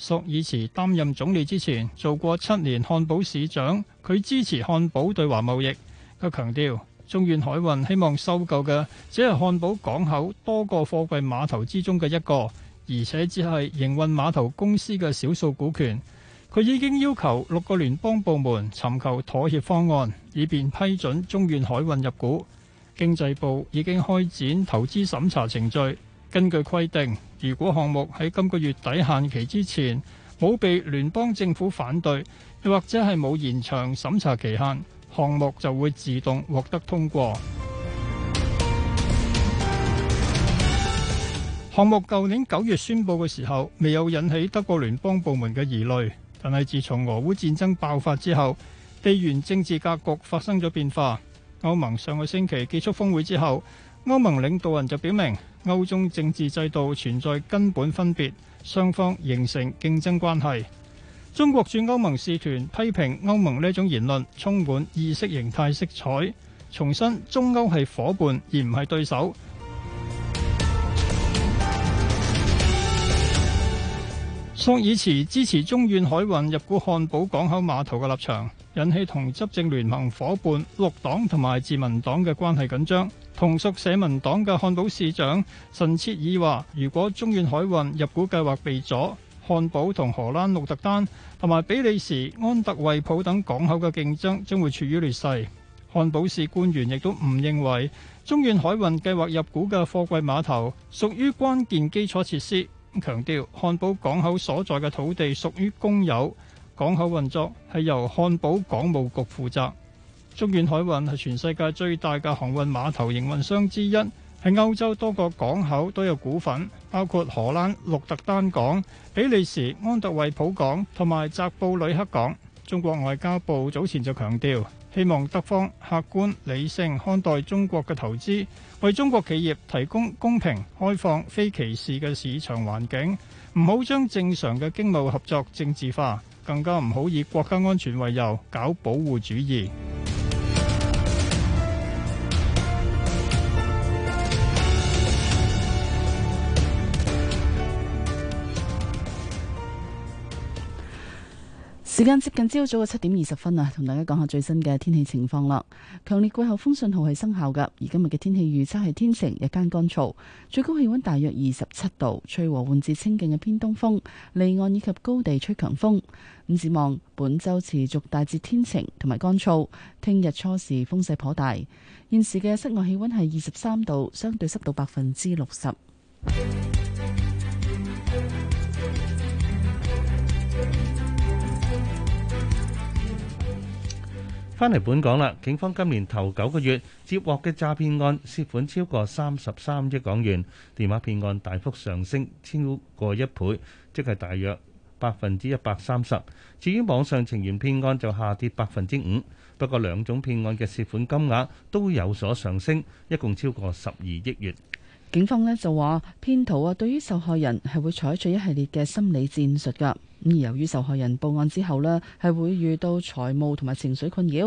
朔爾茨擔任總理之前，做過七年漢堡市長。佢支持漢堡對華貿易。佢強調，中遠海運希望收購嘅只係漢堡港口多個貨櫃碼頭之中嘅一個，而且只係營運碼頭公司嘅少數股權。佢已經要求六個聯邦部門尋求妥協方案，以便批准中遠海運入股。經濟部已經開展投資審查程序。根據規定，如果項目喺今個月底限期之前冇被聯邦政府反對，又或者係冇延長審查期限，項目就會自動獲得通過。 項目舊年九月宣佈嘅時候，未有引起德國聯邦部門嘅疑慮，但係自從俄烏戰爭爆發之後，地緣政治格局發生咗變化。歐盟上個星期結束峰會之後，歐盟領導人就表明，歐中政治制度存在根本分別，雙方形成競爭關係。中國駐歐盟使團批評歐盟呢種言論充滿意識形態色彩，重申中歐係伙伴而唔係對手。朔爾茨支持中遠海運入股漢堡港口碼頭嘅立場引起同執政聯盟伙伴綠黨同埋自民黨嘅關係緊張，同屬社民黨嘅漢堡市長岑切爾話，如果中遠海運入股計劃被阻，漢堡同荷蘭鹿特丹同埋比利時安特衛普等港口嘅競爭將會處於劣勢，漢堡市官員亦都唔認為中遠海運計劃入股嘅貨櫃碼頭屬於關鍵基礎設施。強調漢堡港口所在嘅土地屬於公有，港口運作係由漢堡港務局負責。中遠海運係全世界最大嘅航運碼頭營運商之一，喺歐洲多個港口都有股份，包括荷蘭鹿特丹港、比利時安特衛普港同埋澤布里克港。中國外交部早前就強調，希望德方客觀理性看待中國嘅投資，為中國企業提供公平開放、非歧視嘅市場環境，唔好將正常嘅經貿合作政治化，更加唔好以國家安全為由搞保護主義。時間接近朝早嘅七點二十分啊，同大家講下最新嘅天氣情況啦。強烈季候風信號係生效噶，而今日嘅天氣預測係天晴，日間乾燥，最高氣溫大約二十七度，吹和緩至清勁嘅偏東風，離岸以及高地吹強風。咁展望本周持續大致天晴同埋乾燥，聽日初時風勢頗大。現時嘅室外氣溫係二十三度，相對濕度百分之六十。 返嚟本港喇，警方今年頭九個月接獲嘅詐騙案，涉款超過三十三億港元，電話騙案大幅上升超過一倍，即係大約百分之一百三十。至於網上情緣騙案就下跌百分之五，不過兩種騙案嘅涉款金額都有所上升，一共超過十二億元。警方呢就話，騙徒啊，對於受害人係會採取一系列嘅心理戰術噶。咁而由於受害人報案之後咧，係會遇到財務同埋情緒困擾，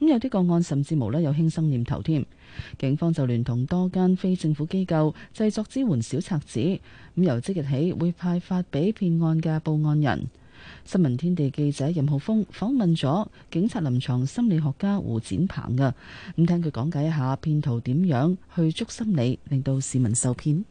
咁有啲個案甚至無啦有輕生念頭添。警方就聯同多間非政府機構製作支援小冊子，咁由即日起會派發俾騙案嘅報案人。新聞天地記者任浩峰訪問咗警察臨床心理學家胡展鵬噶，咁聽佢講解一下騙徒點樣去捉心理，令到市民受騙。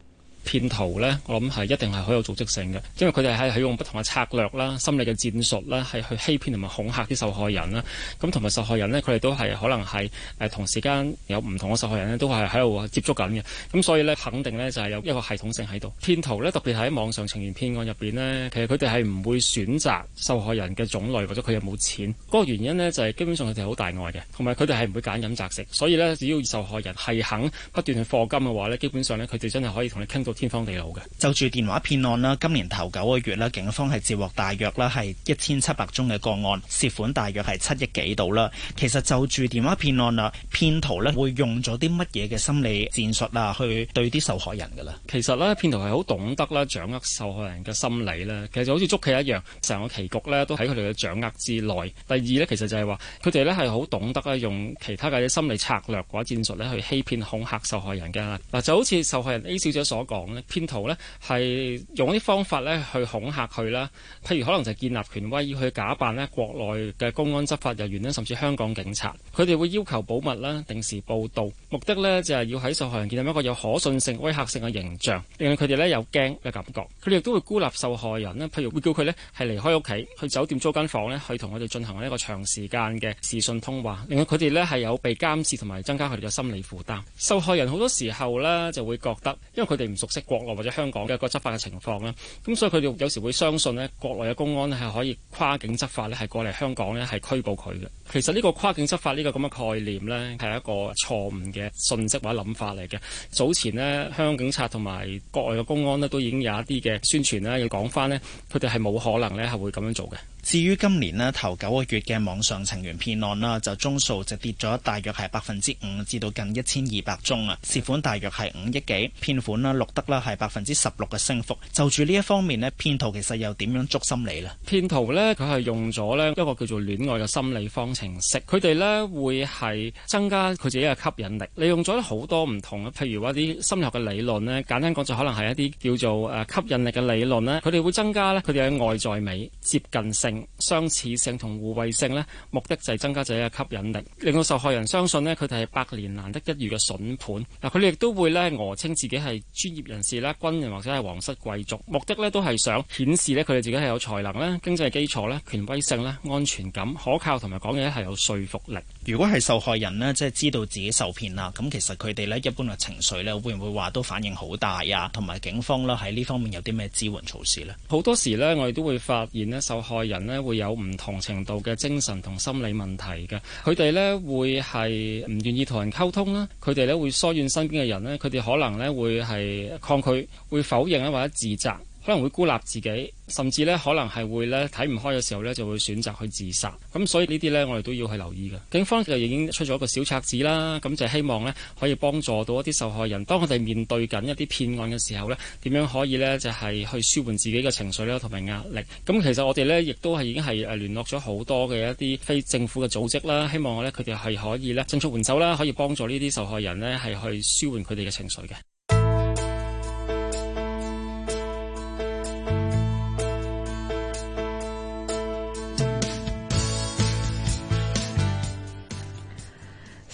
騙徒呢，我諗係一定係好有組織性嘅，因為佢哋係用不同嘅策略啦、心理嘅戰術啦，係去欺騙同埋恐嚇啲受害人啦。咁同埋受害人呢，佢哋都係可能係誒同時間有唔同嘅受害人呢，都係喺度接觸緊嘅。咁所以呢，肯定呢就係有一個系統性喺度。騙徒呢，特別係喺網上情緣騙案入邊呢，其實佢哋係唔會選擇受害人嘅種類或者佢有冇錢。嗰個原因呢，就係基本上佢哋好大愛嘅，同埋佢哋係唔會揀飲擇食。所以呢，只要受害人係肯不斷去課金嘅話呢，基本上呢，佢哋真係可以同你傾到天荒地老嘅。就住電話騙案啦，今年頭九個月咧，警方係接獲大約咧係一千七百宗嘅個案，涉款大約係七億幾度啦。其實就住電話騙案啦，騙徒咧會用咗啲乜嘢嘅心理戰術啊，去對啲受害人㗎啦。其實咧，騙徒係好懂得啦，掌握受害人嘅心理咧。其實就好似捉棋一樣，成個棋局咧都喺佢哋嘅掌握之內。第二咧，其實就係話佢哋咧係好懂得用其他嘅心理策略或者戰術咧去欺騙恐嚇受害人㗎啦。嗱就好似受害人 A 小姐所講。騙徒呢係用啲方法呢去恐嚇佢啦，譬如可能就建立權威，要去假扮呢國內嘅公安執法人員啦，甚至香港警察。佢哋會要求保密啦，定時報道，目的呢就係要喺受害人建立一個有可信性、威嚇性嘅形象，令到佢哋呢有驚嘅感覺。佢哋亦都會孤立受害人呢，譬如會叫佢呢係離開屋企，去酒店租間房呢去同佢哋進行一個長時間嘅視訊通話，令到佢哋呢係有被監視同埋增加佢哋嘅心理負擔。受害人好多時候呢就會覺得，因為佢哋唔熟識國內或者香港嘅一個執法嘅情況啦。咁所以佢哋有時會相信咧，國內嘅公安係可以跨境執法呢，係過嚟香港呢，係拘捕佢嘅。其實呢個跨境執法呢個咁嘅概念呢，係一個錯誤嘅信息或者諗法嚟嘅。早前呢，香港警察同埋國內嘅公安呢，都已經有一啲嘅宣傳啦，要講翻呢，佢哋係冇可能呢，係會咁樣做嘅。至於今年呢，頭九個月嘅網上情緣騙案啦，就宗數就跌咗，大約係百分之五至到近一千二百宗啊，涉款大約係五億幾，騙款啦錄得啦係百分之十六嘅升幅。就住呢一方面呢，騙徒其實又點樣捉心理咧？騙徒呢，佢係用咗呢一個叫做戀愛嘅心理方程式。形式佢哋咧會係增加佢自己嘅吸引力，利用咗好多唔同嘅，譬如話啲心理學嘅理論咧，簡單講就可能係一啲叫做誒吸引力嘅理論咧。佢哋會增加咧佢哋嘅外在美、接近性、相似性同互惠性咧，目的就係增加自己嘅吸引力，令到受害人相信咧佢哋係百年難得一遇嘅筍盤。嗱佢哋亦都會咧訛稱自己係專業人士咧、軍人或者係皇室貴族，目的咧都係想顯示咧佢哋自己係有才能咧、經濟基礎咧、權威性咧、安全感、可靠同埋講嘅。係有說服力。如果係受害人呢，即係知道自己受騙啦，咁其實佢哋呢，一般嘅情緒呢，會唔會話都反應好大呀？同埋警方啦，喺呢方面有啲咩支援措施呢？好多時呢，我哋都會發現呢，受害人呢會有唔同程度嘅精神同心理問題嘅。佢哋呢會係唔願意同人溝通啦，佢哋呢會疏遠身邊嘅人呢，佢哋可能呢會係抗拒、會否認啦，或者自責。可能會孤立自己，甚至咧可能係會咧睇唔開嘅時候咧就會選擇去自殺。咁所以呢啲咧我哋都要去留意嘅。警方就已經出咗個小冊子啦，咁就希望咧可以幫助到一啲受害人。當我哋面對緊一啲騙案嘅時候咧，點樣可以咧就係去舒緩自己嘅情緒啦，同埋壓力。咁其實我哋咧亦都係已經係誒聯絡咗好多嘅一啲非政府嘅組織啦，希望咧佢哋係可以咧伸出援手啦，可以幫助呢啲受害人呢，係去舒緩佢哋嘅情緒嘅。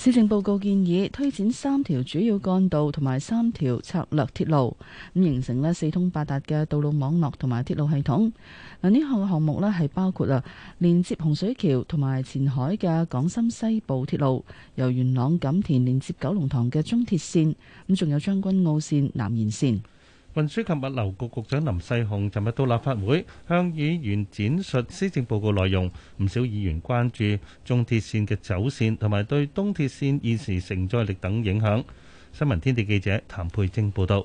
市政報告建議推展三條主要幹道同埋三條策略鐵路，咁形成咧四通八達嘅道路網絡同埋鐵路系統。嗱，呢項項目咧係包括啊，連接洪水橋同埋前海嘅港深西部鐵路，由元朗錦田連接九龍塘嘅中鐵線，咁仲有將軍澳線南延線。運輸及物流局局長林世雄尋日到立法會向議員展述施政報告內容，唔少議員關注中鐵線嘅走線同埋對東鐵線現時承載力等影響。新聞天地記者譚佩晶報道。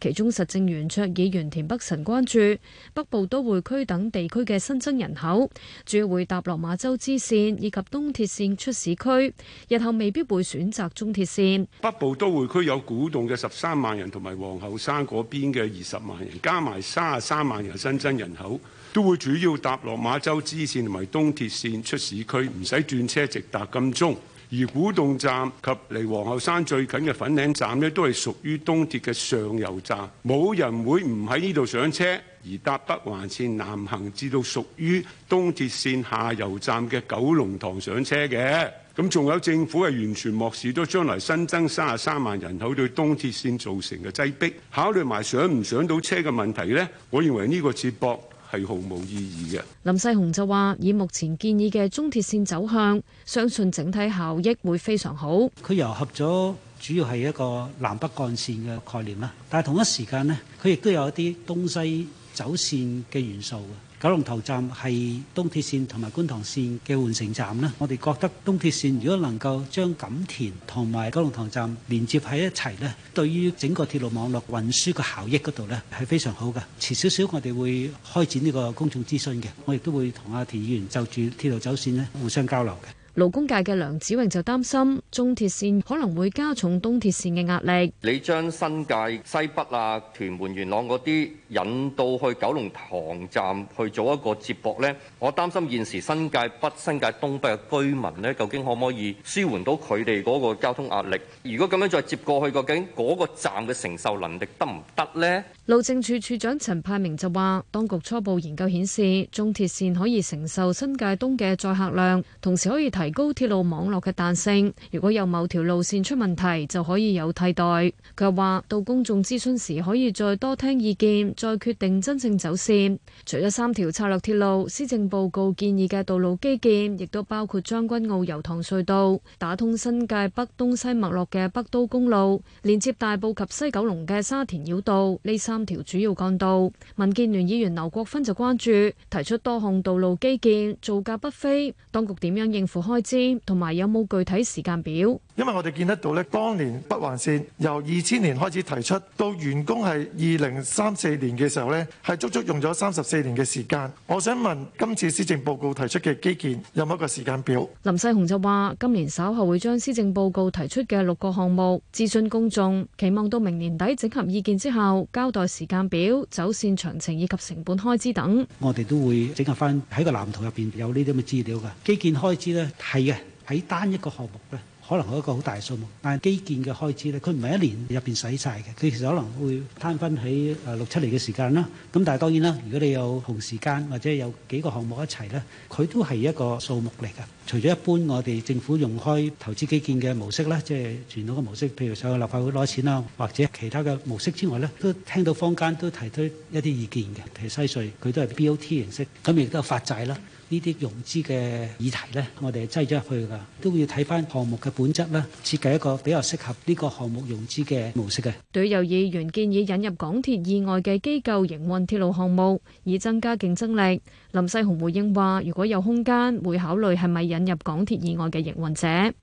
其中實政圓桌議員田北辰關注北部都會區等地區嘅新增人口，主要會搭落馬洲支線以及東鐵線出市區，日後未必會選擇中鐵線。北部都會區有古洞嘅十三萬人，同埋皇后山嗰邊嘅二十萬人，加埋三十三萬人新增人口，都會主要搭落馬洲支線同埋東鐵線出市區，唔使轉車直達金鐘。而古洞站及離皇后山最近嘅粉嶺站呢，都係屬於東鐵嘅上游站，冇人會唔喺呢度上車而搭北環線南行至到屬於東鐵線下游站嘅九龍塘上車嘅。咁仲有政府係完全漠視咗將來新增三十三萬人口對東鐵線造成嘅擠迫。考慮埋上唔上到車嘅問題呢，我認為呢個接駁係毫無意義嘅。林世雄就話，以目前建議嘅中鐵線走向，相信整體效益會非常好。佢又合咗，主要係一個南北幹線嘅概念啦。但係同一時間咧，佢亦都有一啲東西走線嘅元素。九龍塘站係東鐵綫同埋觀塘綫嘅換乘站啦，我哋覺得東鐵綫如果能夠將錦田同埋九龍塘站連接喺一齊咧，對於整個鐵路網絡運輸嘅效益嗰度咧，係非常好嘅。遲少少我哋會開展呢個公眾諮詢嘅，我亦都會同阿田議員就住鐵路走綫咧互相交流嘅。勞工界嘅梁子穎就擔心，中鐵線可能會加重東鐵線嘅壓力。你將新界西北啊、屯門元朗嗰啲引到去九龍塘站去做一個接駁咧，我擔心現時新界北、新界東北嘅居民咧，究竟可唔可以舒緩到佢哋嗰個交通壓力？如果咁樣再接過去，究竟嗰個站嘅承受能力得唔得咧？路政署署長陳派明就話，當局初步研究顯示，中鐵線可以承受新界東嘅載客量，同時可以提高鐵路網絡嘅彈性。如果有某條路線出問題，就可以有替代。佢又話，到公眾諮詢時可以再多聽意見，再決定真正走線。除咗三條策略鐵路，施政報告建議嘅道路基建亦都包括將軍澳油塘隧道、打通新界北東西脈絡嘅北都公路、連接大埔及西九龍嘅沙田繞道呢三。三條主要幹道。民建聯議員劉國勳就關注，提出多項道路基建，造價不菲，當局點樣應付開支，同埋有冇具體時間表？因為我哋見得到咧，當年北環線由二千年開始提出，到完工係二零三四年嘅時候呢係足足用咗三十四年嘅時間。我想問今次施政報告提出嘅基建有冇一個時間表？林世雄就話：今年稍後會將施政報告提出嘅六個項目諮詢公眾，期望到明年底整合意見之後，交代時間表、走線詳情以及成本開支等。我哋都會整合翻喺個藍圖入邊有呢啲咁嘅資料㗎，基建開支呢，係嘅喺單一個項目咧，可能係一個好大數目，但係基建嘅開支咧，佢唔係一年入邊使晒嘅，佢其實可能會攤分喺誒六七年嘅時間啦。咁但係當然啦，如果你有同時間或者有幾個項目一齊咧，佢都係一個數目嚟㗎。除咗一般我哋政府用開投資基建嘅模式咧，即係傳統嘅模式，譬如上去立法會攞錢啊，或者其他嘅模式之外咧，都聽到坊間都提出一啲意見嘅，譬如西隧佢都係 BOT 形式，咁亦都有發債啦。呢啲融資嘅議題呢，我哋擠咗入去噶，都要睇返項目嘅本質啦，設計一個比較適合呢個項目融資嘅模式嘅。有議員建議引入港鐵以外嘅機構營運鐵路項目，以增加競爭力。林世雄回應話：如果有空間，會考慮係咪引入港鐵以外嘅營運者。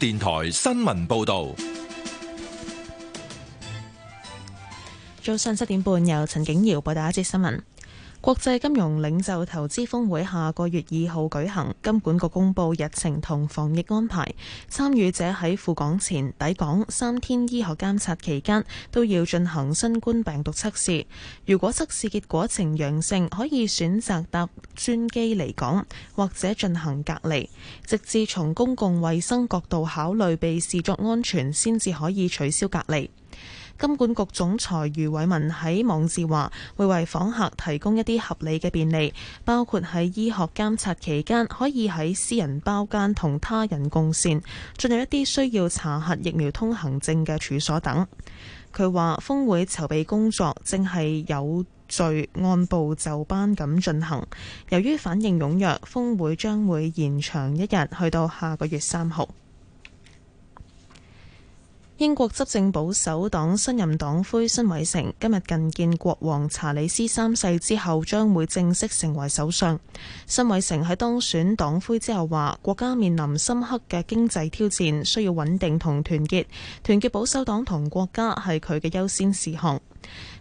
電台新聞報道。早上七點半，由陳景瑤報道一節新聞。國際金融領袖投資峰會下個月二號舉行，金管局公布日程同防疫安排。參與者喺赴港前抵港三天醫學監察期間，都要進行新冠病毒測試。如果測試結果呈陽性，可以選擇搭專機嚟港，或者進行隔離，直至從公共衛生角度考慮被視作安全，先至可以取消隔離。金管局總裁余偉文喺網誌話，會為訪客提供一啲合理嘅便利，包括喺醫學監察期間可以喺私人包間同他人共膳，進入一啲需要查核疫苗通行證嘅處所等。佢話，峰會籌備工作正係有序、按部就班咁進行，由於反應踴躍，峰會將會延長一日，去到下個月三號。英國執政保守黨新任黨魁辛偉成今日覲見國王查理斯三世之後，將會正式成為首相。辛偉成喺當選黨魁之後話，國家面臨深刻嘅經濟挑戰，需要穩定同團結，團結保守黨同國家係佢嘅優先事項。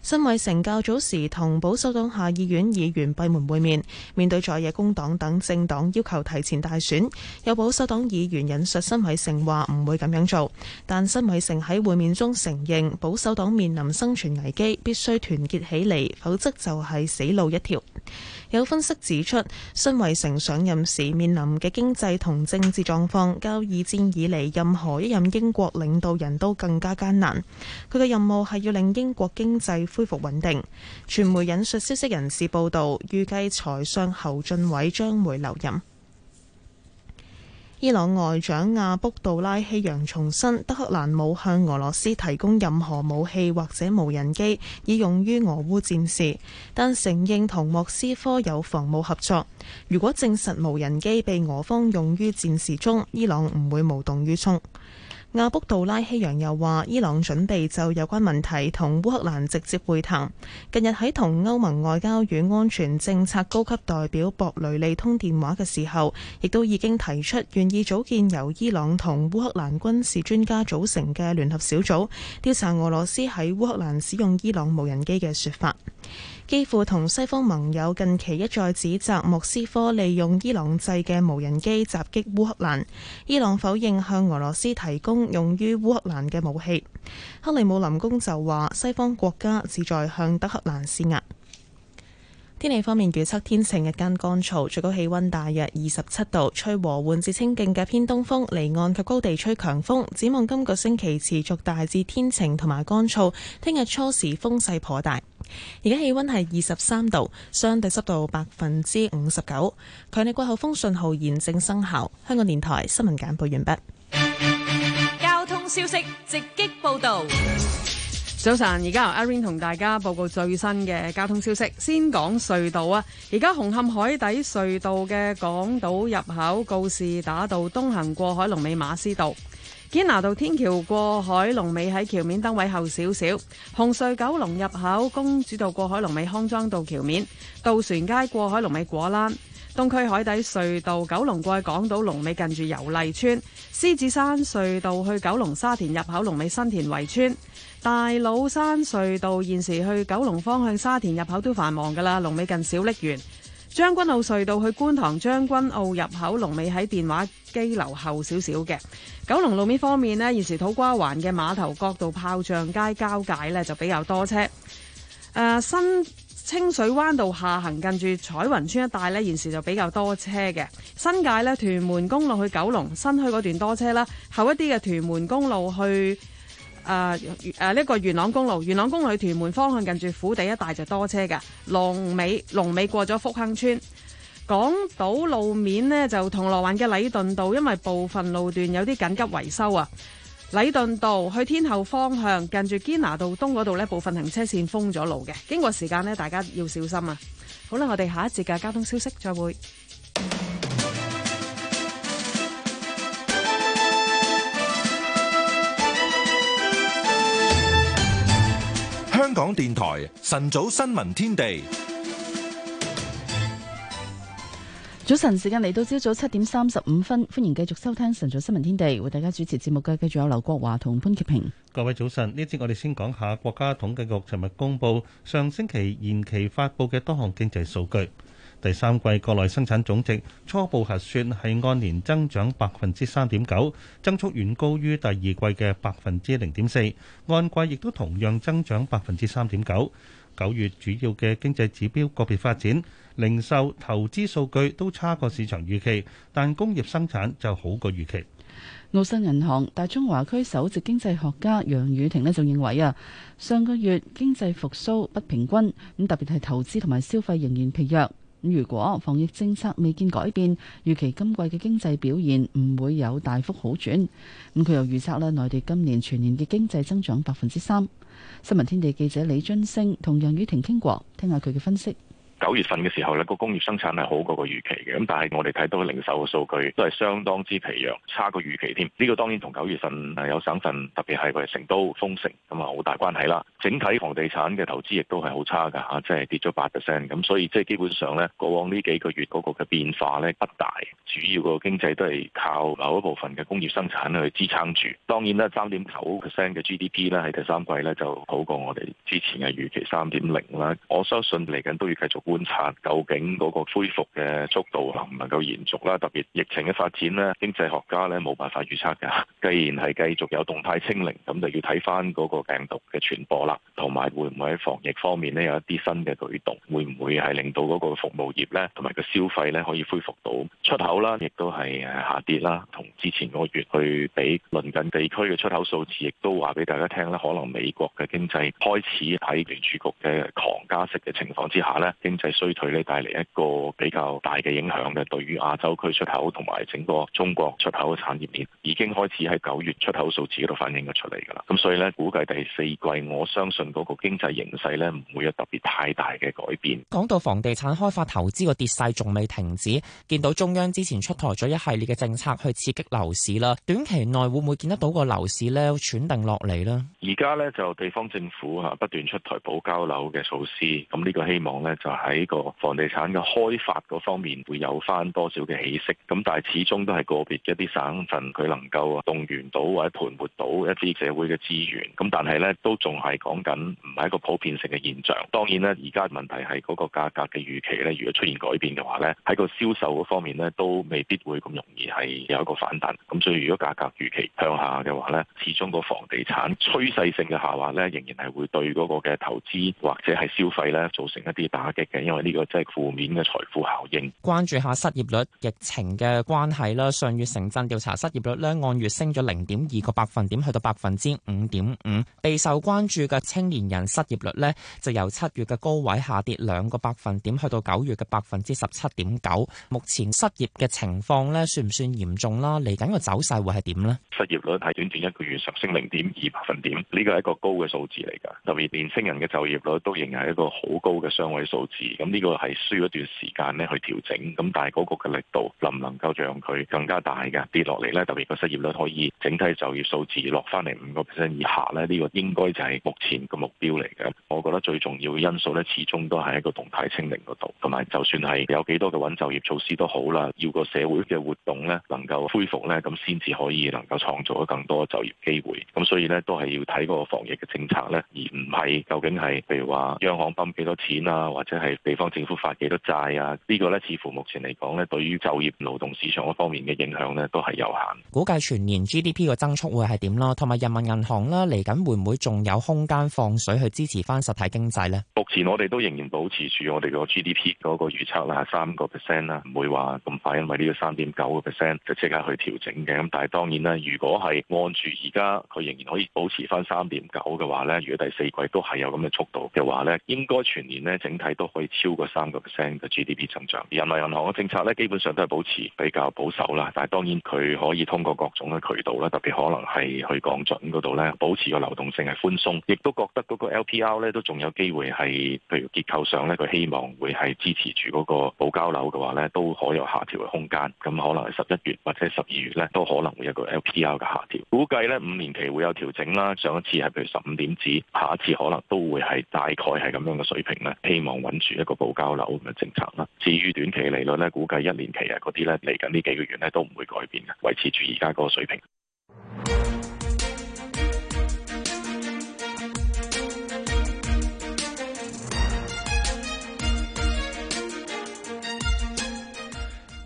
新偉成較早時同保守黨下議院議員閉門會面，面對在野工黨等政黨要求提前大選，有保守黨議員引述新偉成話唔會咁樣做，但新偉成喺會面中承認保守黨面臨生存危機，必須團結起嚟，否則就係死路一條。有分析指出，辛偉誠上任時面臨嘅經濟同政治狀況較二戰以嚟任何一任英國領導人都更加艱難，佢嘅任務係要令英國經濟恢復穩定。傳媒引述消息人士報道，預計財相侯俊偉將會留任。伊朗外長亞卜杜拉希揚重申，德黑蘭冇向俄羅斯提供任何武器或者無人機以用於俄烏戰事，但承認同莫斯科有防務合作。如果證實無人機被俄方用於戰事中，伊朗唔會無動於衷。亞卜杜拉希揚又話，伊朗準備就有關問題同烏克蘭直接會談。近日，喺同歐盟外交與安全政策高級代表博雷利通電話嘅時候，亦都已經提出願意組建由伊朗同烏克蘭軍事專家組成嘅聯合小組，調查俄羅斯喺烏克蘭使用伊朗無人機嘅說法。幾乎同西方盟友近期一再指責莫斯科利用伊朗製嘅無人機襲擊烏克蘭。伊朗否認向俄羅斯提供用於烏克蘭嘅武器。克里姆林宮就話，西方國家旨在向德克蘭施壓。天氣方面預測天晴，日間乾燥，最高氣溫大約二十七度，吹和緩至清勁嘅偏東風，離岸及高地吹強風。展望今個星期持續大致天晴同埋乾燥，聽日初時風勢頗大。而家氣溫係二十三度，相對濕度百分之五十九。強烈季候風信號現正生效。香港電台新聞簡報完畢。交通消息，直擊報道。早晨，而家由阿 Ring 同大家報告最新嘅交通消息。先講隧道啊，而家紅磡海底隧道嘅港島入口告士打道東行過海龍尾馬斯道，堅拿道天橋過海龍尾喺橋面燈位後少少，紅隧九龍入口公主道過海龍尾康莊道橋面，渡船街過海龍尾果欄，東區海底隧道九龍過去港島龍尾近住油麗村，獅子山隧道去九龍沙田入口龍尾新田圍村。大老山隧道現時去九龍方向沙田入口都繁忙噶啦，龍尾近小瀝源。將軍澳隧道去觀塘將軍澳入口，龍尾喺電話機樓後少少嘅。九龍路面方面呢，現時土瓜灣嘅碼頭角道炮仗街交界呢就比較多車。誒，新清水灣道下行近住彩雲村一帶呢，現時就比較多車嘅。新界呢，屯門公路去九龍新墟嗰段多車啦，後一啲嘅屯門公路去。誒，誒、呃，呢、呃這個元朗公路，元朗公路屯門方向近住虎地一帶就多車嘅龍尾，龍尾過咗福亨村。港島路面呢，就銅鑼灣嘅禮頓道，因為部分路段有啲緊急維修啊。禮頓道去天后方向近住堅拿道東嗰度呢，部分行車線封咗路嘅。經過時間呢，大家要小心啊！好啦，我哋下一節嘅、啊、交通消息，再會。港電台晨早新聞天地，早晨時間嚟到朝早七點三十五分，歡迎繼續收聽晨早新聞天地，為大家主持節目嘅繼續有劉國華同潘潔平。各位早晨，呢次我哋先講下國家統計局尋日公布上星期延期發布嘅多項經濟數據。第三季國內生產總值初步核算係按年增長百分之三點九，增速遠高於第二季嘅百分之零點四。按季亦都同樣增長百分之三點九。九月主要嘅經濟指標個別發展，零售、投資數據都差過市場預期，但工業生產就好過預期。澳新銀行大中華區首席經濟學家楊宇婷呢就認為啊，上個月經濟復甦不平均，咁特別係投資同埋消費仍然疲弱。咁如果防疫政策未見改變，預期今季嘅經濟表現唔會有大幅好轉。咁佢又預測咧，內地今年全年嘅經濟增長百分之三。新聞天地記者李津升同楊雨婷傾過，聽下佢嘅分析。九月份嘅時候咧，個工業生產係好過個預期嘅，咁但係我哋睇到零售嘅數據都係相當之疲弱，差過預期添。呢個當然同九月份有省份，特別係佢成都封城咁啊，好大關係啦。整體房地產嘅投資亦都係好差㗎嚇，即係跌咗八 percent。咁所以即係基本上咧，過往呢幾個月嗰個嘅變化咧不大，主要個經濟都係靠某一部分嘅工業生產去支撐住。當然啦，三點九 percent 嘅 GDP 咧喺第三季咧就好過我哋之前嘅預期三點零啦。我相信嚟緊都要繼續。觀察究竟嗰個恢復嘅速度能唔能夠延續啦？特別疫情嘅發展咧，經濟學家咧冇辦法預測㗎。既然係繼續有動態清零，咁就要睇返嗰個病毒嘅傳播啦，同埋會唔會喺防疫方面咧有一啲新嘅舉動？會唔會係令到嗰個服務業咧同埋個消費咧可以恢復到出口啦，亦都係誒下跌啦，同之前嗰個月去比。鄰近地區嘅出口數字亦都話俾大家聽啦，可能美國嘅經濟開始喺聯儲局嘅狂加息嘅情況之下咧，經經濟衰退咧，帶嚟一個比較大嘅影響嘅，對於亞洲區出口同埋整個中國出口嘅產業鏈已經開始喺九月出口數字嗰度反映咗出嚟噶啦。咁所以呢，估計第四季我相信嗰個經濟形勢呢，唔會有特別太大嘅改變。講到房地產開發投資個跌勢仲未停止，見到中央之前出台咗一系列嘅政策去刺激樓市啦，短期內會唔會見得到個樓市咧喘定落嚟咧？而家呢，就地方政府吓不斷出台保交樓嘅措施，咁、這、呢個希望呢，就係、是。喺個房地產嘅開發嗰方面會有翻多少嘅起色咁，但係始終都係個別一啲省份，佢能夠動員到或者盤活到一啲社會嘅資源，咁但係咧，都仲係講緊唔係一個普遍性嘅現象。當然咧，而家問題係嗰個價格嘅預期咧，如果出現改變嘅話咧，喺個銷售嗰方面咧都未必會咁容易係有一個反彈。咁所以如果價格預期向下嘅話咧，始終個房地產趨勢性嘅下滑咧，仍然係會對嗰個嘅投資或者係消費咧造成一啲打擊嘅。因為呢個即係負面嘅財富效應。關注下失業率疫情嘅關係啦。上月城鎮調查失業率呢，按月升咗零點二個百分點，去到百分之五點五。備受關注嘅青年人失業率呢，就由七月嘅高位下跌兩個百分點，去到九月嘅百分之十七點九。目前失業嘅情況呢，算唔算嚴重啦？嚟緊個走勢會係點呢？失業率係短短一個月上升零點二百分點，呢個係一個高嘅數字嚟㗎。特別年青人嘅就業率都仍然係一個好高嘅雙位數字。咁呢個係需要一段時間咧去調整，咁但係嗰個嘅力度能唔能夠讓佢更加大嘅跌落嚟咧？特別個失業率可以整體就業數字落翻嚟五個 percent 以下咧，呢個應該就係目前嘅目標嚟嘅。我覺得最重要嘅因素咧，始終都係喺個動態清零嗰度，同埋就算係有幾多嘅穩就業措施都好啦，要個社會嘅活動咧能夠恢復咧，咁先至可以能夠創造更多就業機會。咁所以咧，都係要睇個防疫嘅政策咧，而唔係究竟係譬如話央行泵幾多錢啊，或者係，地方政府發幾多債啊？呢個咧似乎目前嚟講咧，對於就業勞動市場嗰方面嘅影響咧，都係有限。估計全年 GDP 嘅增速會係點啦？同埋人民銀行啦，嚟緊會唔會仲有空間放水去支持返實體經濟咧？目前我哋都仍然保持住我哋個 GDP 嗰個預測啦，三個 percent 啦，唔會話咁快，因為呢個三點九個 percent 就即刻去調整嘅。咁但係當然啦，如果係按住而家佢仍然可以保持返三點九嘅話咧，如果第四季都係有咁嘅速度嘅話咧，應該全年咧整體都會超過三個 percent 嘅 GDP 增長，而人民銀行嘅政策咧，基本上都係保持比較保守啦。但係當然佢可以通過各種嘅渠道咧，特別可能係去降準嗰度咧，保持個流動性係寬鬆。亦都覺得嗰個 LPR 咧都仲有機會係，譬如結構上咧，佢希望會係支持住嗰個保交樓嘅話咧，都可以有下調嘅空間。咁可能十一月或者十二月咧，都可能會有一個 LPR 嘅下調。估計咧五年期會有調整啦，上一次係譬如十五點子，下一次可能都會係大概係咁樣嘅水平咧。希望穩住住一個保交樓咁嘅政策啦。至於短期利率咧，估計一年期啊嗰啲咧，嚟緊呢幾個月咧都唔會改變嘅，維持住而家嗰個水平。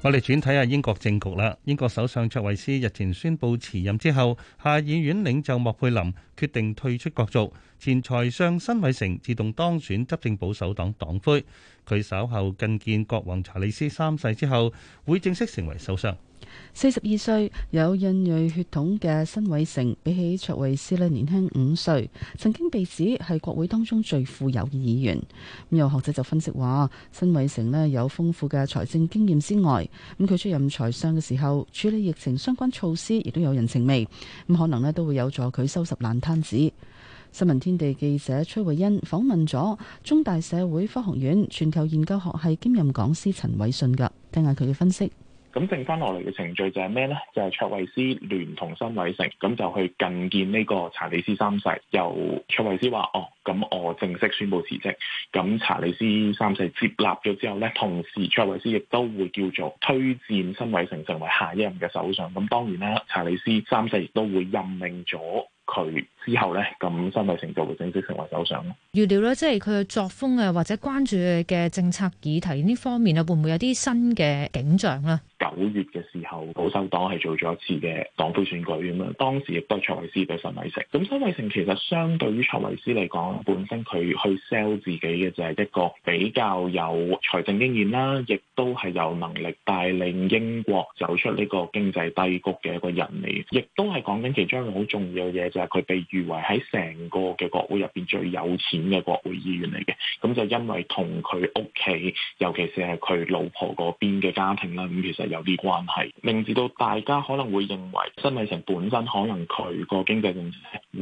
我哋轉睇下英國政局啦。英國首相卓慧思日前宣布辭任之後，下議院領袖莫佩林決定退出角逐。前財相辛偉誠自動當選執政保守黨黨魁。佢稍後覲見國王查理斯三世之後，會正式成為首相。四十二歲有印裔血統嘅辛偉誠，比起卓慧思咧年輕五歲，曾經被指係國會當中最富有嘅議員。咁、嗯、有學者就分析話，辛偉誠咧有豐富嘅財政經驗之外，咁、嗯、佢出任財相嘅時候，處理疫情相關措施亦都有人情味，咁、嗯、可能咧都會有助佢收拾爛攤子。新聞天地記者崔慧欣訪問咗中大社會科學院全球研究學系兼任講師陳偉信，噶聽下佢嘅分析。咁剩翻落嚟嘅程序就係咩呢？就係、是、卓慧思聯同辛偉誠，咁就去覲見呢個查理斯三世。由卓慧思話：哦，咁我正式宣布辭職。咁查理斯三世接納咗之後呢，同時卓慧思亦都會叫做推薦辛偉誠成為下一任嘅首相。咁當然啦，查理斯三世亦都會任命咗佢。之後咧，咁辛偉誠就會正式成為首相咯。預料咧，即係佢嘅作風啊，或者關注嘅政策議題呢方面啊，會唔會有啲新嘅景象呢？九月嘅時候，保守黨係做咗一次嘅黨魁選舉咁啊，當時亦都係卓慧思對辛偉誠。咁辛偉誠其實相對於卓慧思嚟講，本身佢去 sell 自己嘅就係一個比較有財政經驗啦，亦都係有能力帶領英國走出呢個經濟低谷嘅一個人嚟。亦都係講緊其中一個好重要嘅嘢，就係、是、佢被。如為喺成個嘅國會入邊最有錢嘅國會議員嚟嘅，咁就因為同佢屋企，尤其是係佢老婆嗰邊嘅家庭啦，咁其實有啲關係，令到大家可能會認為辛偉成本身可能佢個經濟背景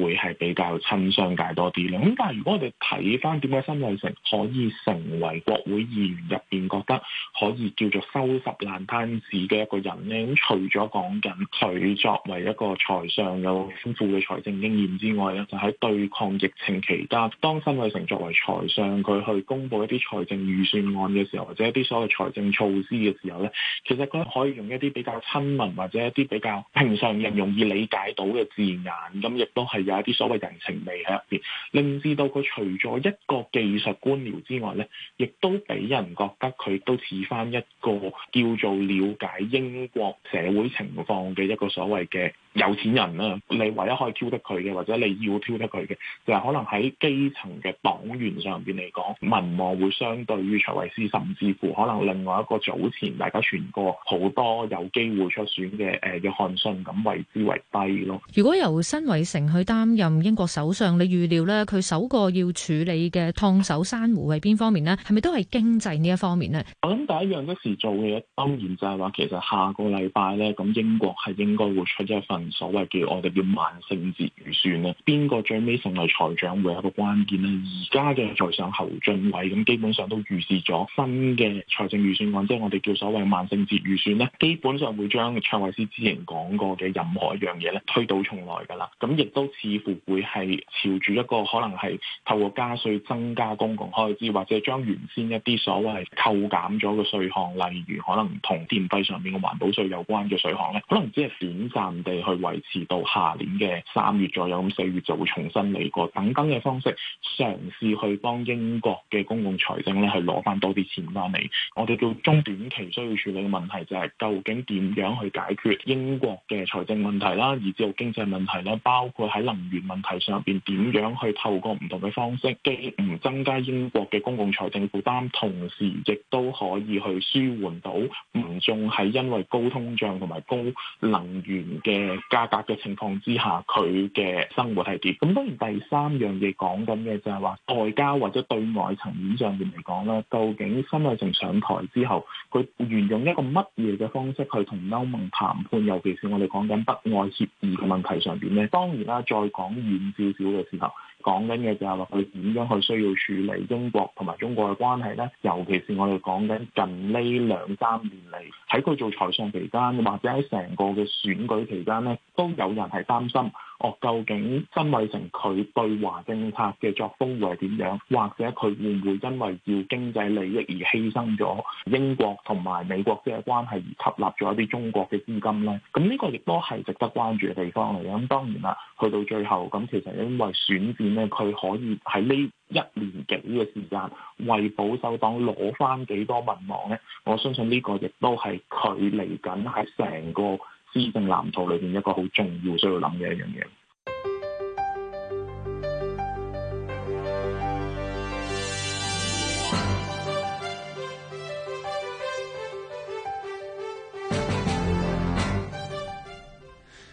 會係比較親商界多啲啦。咁但係如果我哋睇翻點解辛偉成可以成為國會議員入邊覺得可以叫做收拾爛攤子嘅一個人咧？咁除咗講緊佢作為一個財相有豐富嘅財政經驗。之外咧，就喺、是、對抗疫情期間，當辛偉誠作為財相，佢去公布一啲財政預算案嘅時候，或者一啲所謂財政措施嘅時候咧，其實佢可以用一啲比較親民或者一啲比較平常人容易理解到嘅字眼，咁亦都係有一啲所謂人情味喺入邊，令至到佢除咗一個技術官僚之外咧，亦都俾人覺得佢都似翻一個叫做了解英國社會情況嘅一個所謂嘅。有錢人啦，你唯一可以挑得佢嘅，或者你要挑得佢嘅，就係可能喺基層嘅黨員上邊嚟講，民望會相對於卓慧思，甚至乎可能另外一個早前大家傳過好多有機會出選嘅誒約翰遜咁為之為低咯。如果由辛偉誠去擔任英國首相，你預料咧佢首個要處理嘅燙手山芋係邊方面呢？係咪都係經濟呢一方面呢，我諗第一樣即時做嘅嘢，當然就係話其實下個禮拜咧，咁英國係應該會出一份。所謂叫我哋叫萬聖節預算咧，邊個最尾成為財長會係個關鍵咧？而家嘅財長侯俊偉咁，基本上都預示咗新嘅財政預算案，即係我哋叫所謂萬聖節預算咧，基本上會將卓慧思之前講過嘅任何一樣嘢咧，推倒重來噶啦。咁亦都似乎會係朝住一個可能係透過加稅增加公共開支，或者將原先一啲所謂扣減咗嘅稅項，例如可能同電費上面嘅環保稅有關嘅稅項咧，可能只係短暫地去。去維持到下年嘅三月左右，咁四月就會重新嚟過等等嘅方式，嘗試去幫英國嘅公共財政咧，去攞翻多啲錢翻嚟。我哋到中短期需要處理嘅問題就係、是、究竟點樣去解決英國嘅財政問題啦，而至到經濟問題咧，包括喺能源問題上邊點樣去透過唔同嘅方式，既唔增加英國嘅公共財政負擔，同時亦都可以去舒緩到民眾係因為高通脹同埋高能源嘅。價格嘅情況之下，佢嘅生活係點？咁當然第三樣嘢講緊嘅就係話外交或者對外層面上面嚟講啦，究竟辛偉誠上台之後，佢沿用一個乜嘢嘅方式去同歐盟談判？尤其是我哋講緊北愛協議嘅問題上邊咧。當然啦，再講遠少少嘅時候，講緊嘅就係話，佢點樣去需要處理英國同埋中國嘅關係咧？尤其是我哋講緊近呢兩三年嚟，喺佢做財相期間，或者喺成個嘅選舉期間咧，都有人係擔心。我究竟辛偉誠佢對華政策嘅作風會係點樣？或者佢會唔會因為要經濟利益而犧牲咗英國同埋美國嘅關係而吸納咗一啲中國嘅資金呢？咁呢個亦都係值得關注嘅地方嚟嘅。咁當然啦，去到最後咁，其實因為選戰呢，佢可以喺呢一年幾嘅時間為保守黨攞翻幾多民望呢？我相信呢個亦都係佢嚟緊喺成個施政藍圖裏邊一個好重要需要諗嘅一樣嘢。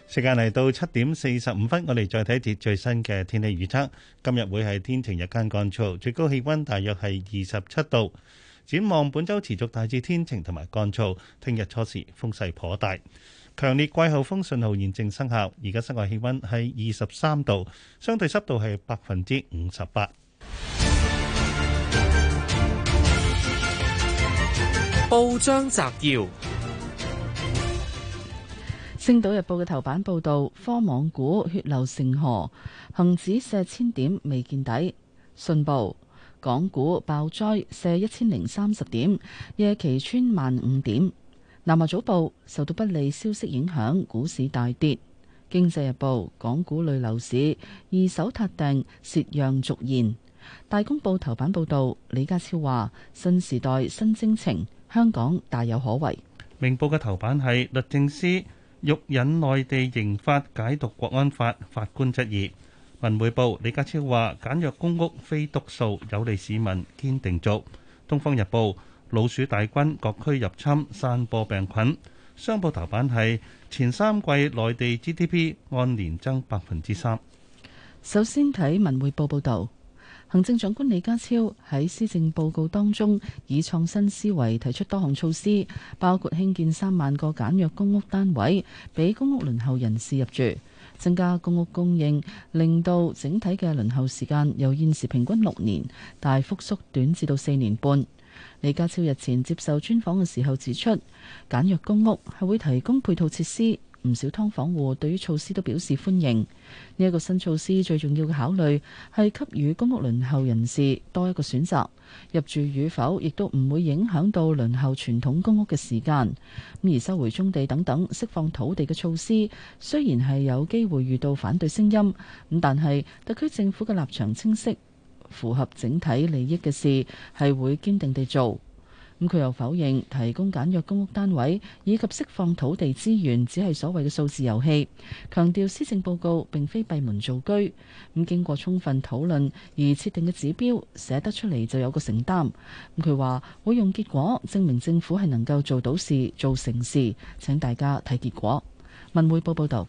時間嚟到七點四十五分，我哋再睇一節最新嘅天氣預測。今日會係天晴，日間乾燥，最高氣温大約係二十七度。展望本週持續大致天晴同埋乾燥，聽日初時風勢頗大。強烈季候風信號現正生效，而家室外氣溫係二十三度，相對濕度係百分之五十八。報章摘要：《星島日報》嘅頭版報道：科網股血流成河，恒指瀉千點未見底；信報，港股爆災瀉一千零三十點，夜期穿萬五點。南華早報受到不利消息影響，股市大跌。經濟日報，港股累樓市二手撻訂，蝕讓續現。大公報頭版報道，李家超話：新時代新征程，香港大有可為。明報嘅頭版係律政司欲引內地刑法解讀國安法，法官質疑。文匯報，李家超話：簡約公屋非毒素，有利市民堅定做。東方日報老鼠大軍各區入侵，散播病菌。商報頭版係前三季內地 GDP 按年增百分之三。首先睇文匯報報導，行政長官李家超喺施政報告當中以創新思維提出多項措施，包括興建三萬個簡約公屋單位，俾公屋輪候人士入住，增加公屋供應，令到整體嘅輪候時間由現時平均六年大幅縮短至到四年半。李家超日前接受專訪嘅時候指出，簡約公屋係會提供配套設施，唔少劏房戶對於措施都表示歡迎。呢一個新措施最重要嘅考慮係給予公屋輪候人士多一個選擇，入住與否亦都唔會影響到輪候傳統公屋嘅時間。咁而收回棕地等等釋放土地嘅措施，雖然係有機會遇到反對聲音，咁但係特區政府嘅立場清晰，符合整體利益嘅事係會堅定地做。咁佢又否認提供簡約公屋單位以及釋放土地資源只係所謂嘅數字遊戲，強調施政報告並非閉門造車。咁經過充分討論而設定嘅指標寫得出嚟就有個承擔。咁佢話會用結果證明政府係能夠做到事做成事，請大家睇結果。文匯報報道。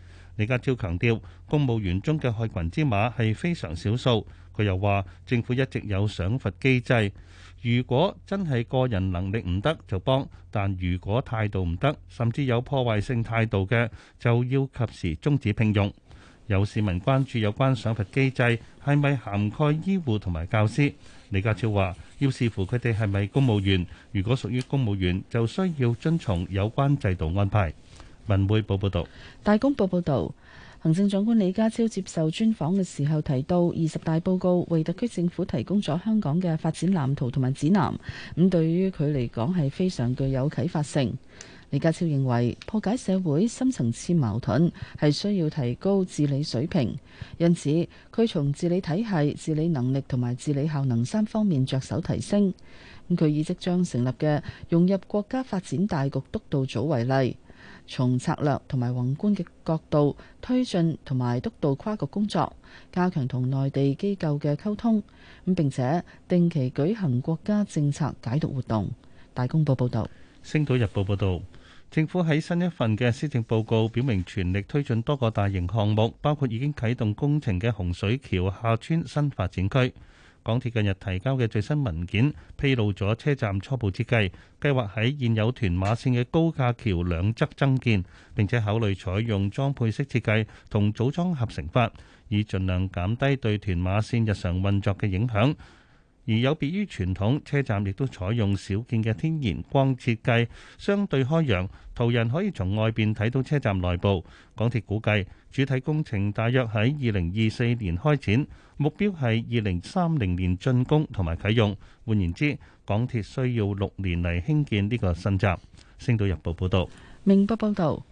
李家超強調，公務員中嘅害群之馬係非常少數。佢又話，政府一直有賞罰機制，如果真係個人能力唔得就幫，但如果態度唔得，甚至有破壞性態度嘅，就要及時終止聘用。有市民關注有關賞罰機制係咪涵蓋醫護同埋教師？李家超話，要視乎佢哋係咪公務員，如果屬於公務員，就需要遵從有關制度安排。文匯報報道，大公報報道，行政長官李家超接受專訪嘅時候提到，二十大報告為特區政府提供咗香港嘅發展藍圖同埋指南，咁對於佢嚟講係非常具有啟發性。李家超認為，破解社會深層次矛盾係需要提高治理水平，因此佢從治理體系、治理能力同埋治理效能三方面着手提升。佢以即將成立嘅融入國家發展大局督導組組為例。從策略同埋宏觀嘅角度推進同埋督導跨局工作，加強同內地機構嘅溝通，咁並且定期舉行國家政策解讀活動。大公報報道，《星島日報》報道，政府喺新一份嘅施政報告表明，全力推進多個大型項目，包括已經啟動工程嘅洪水橋下村新發展區。港鐵近日提交嘅最新文件，披露咗車站初步設計，計劃喺現有屯馬線嘅高架橋兩側增建，並且考慮採用裝配式設計同組裝合成法，以盡量減低對屯馬線日常運作嘅影響。而有別於傳統車站，亦都採用少見嘅天然光設計，相對開揚，途人可以從外邊睇到車站內部。港鐵估計，主體工程大約喺二零二四年開展。目標係二零三零年竣工同埋啟用，換言之，港鐵需要六年嚟興建呢個新站。星島日報報道：明報報道，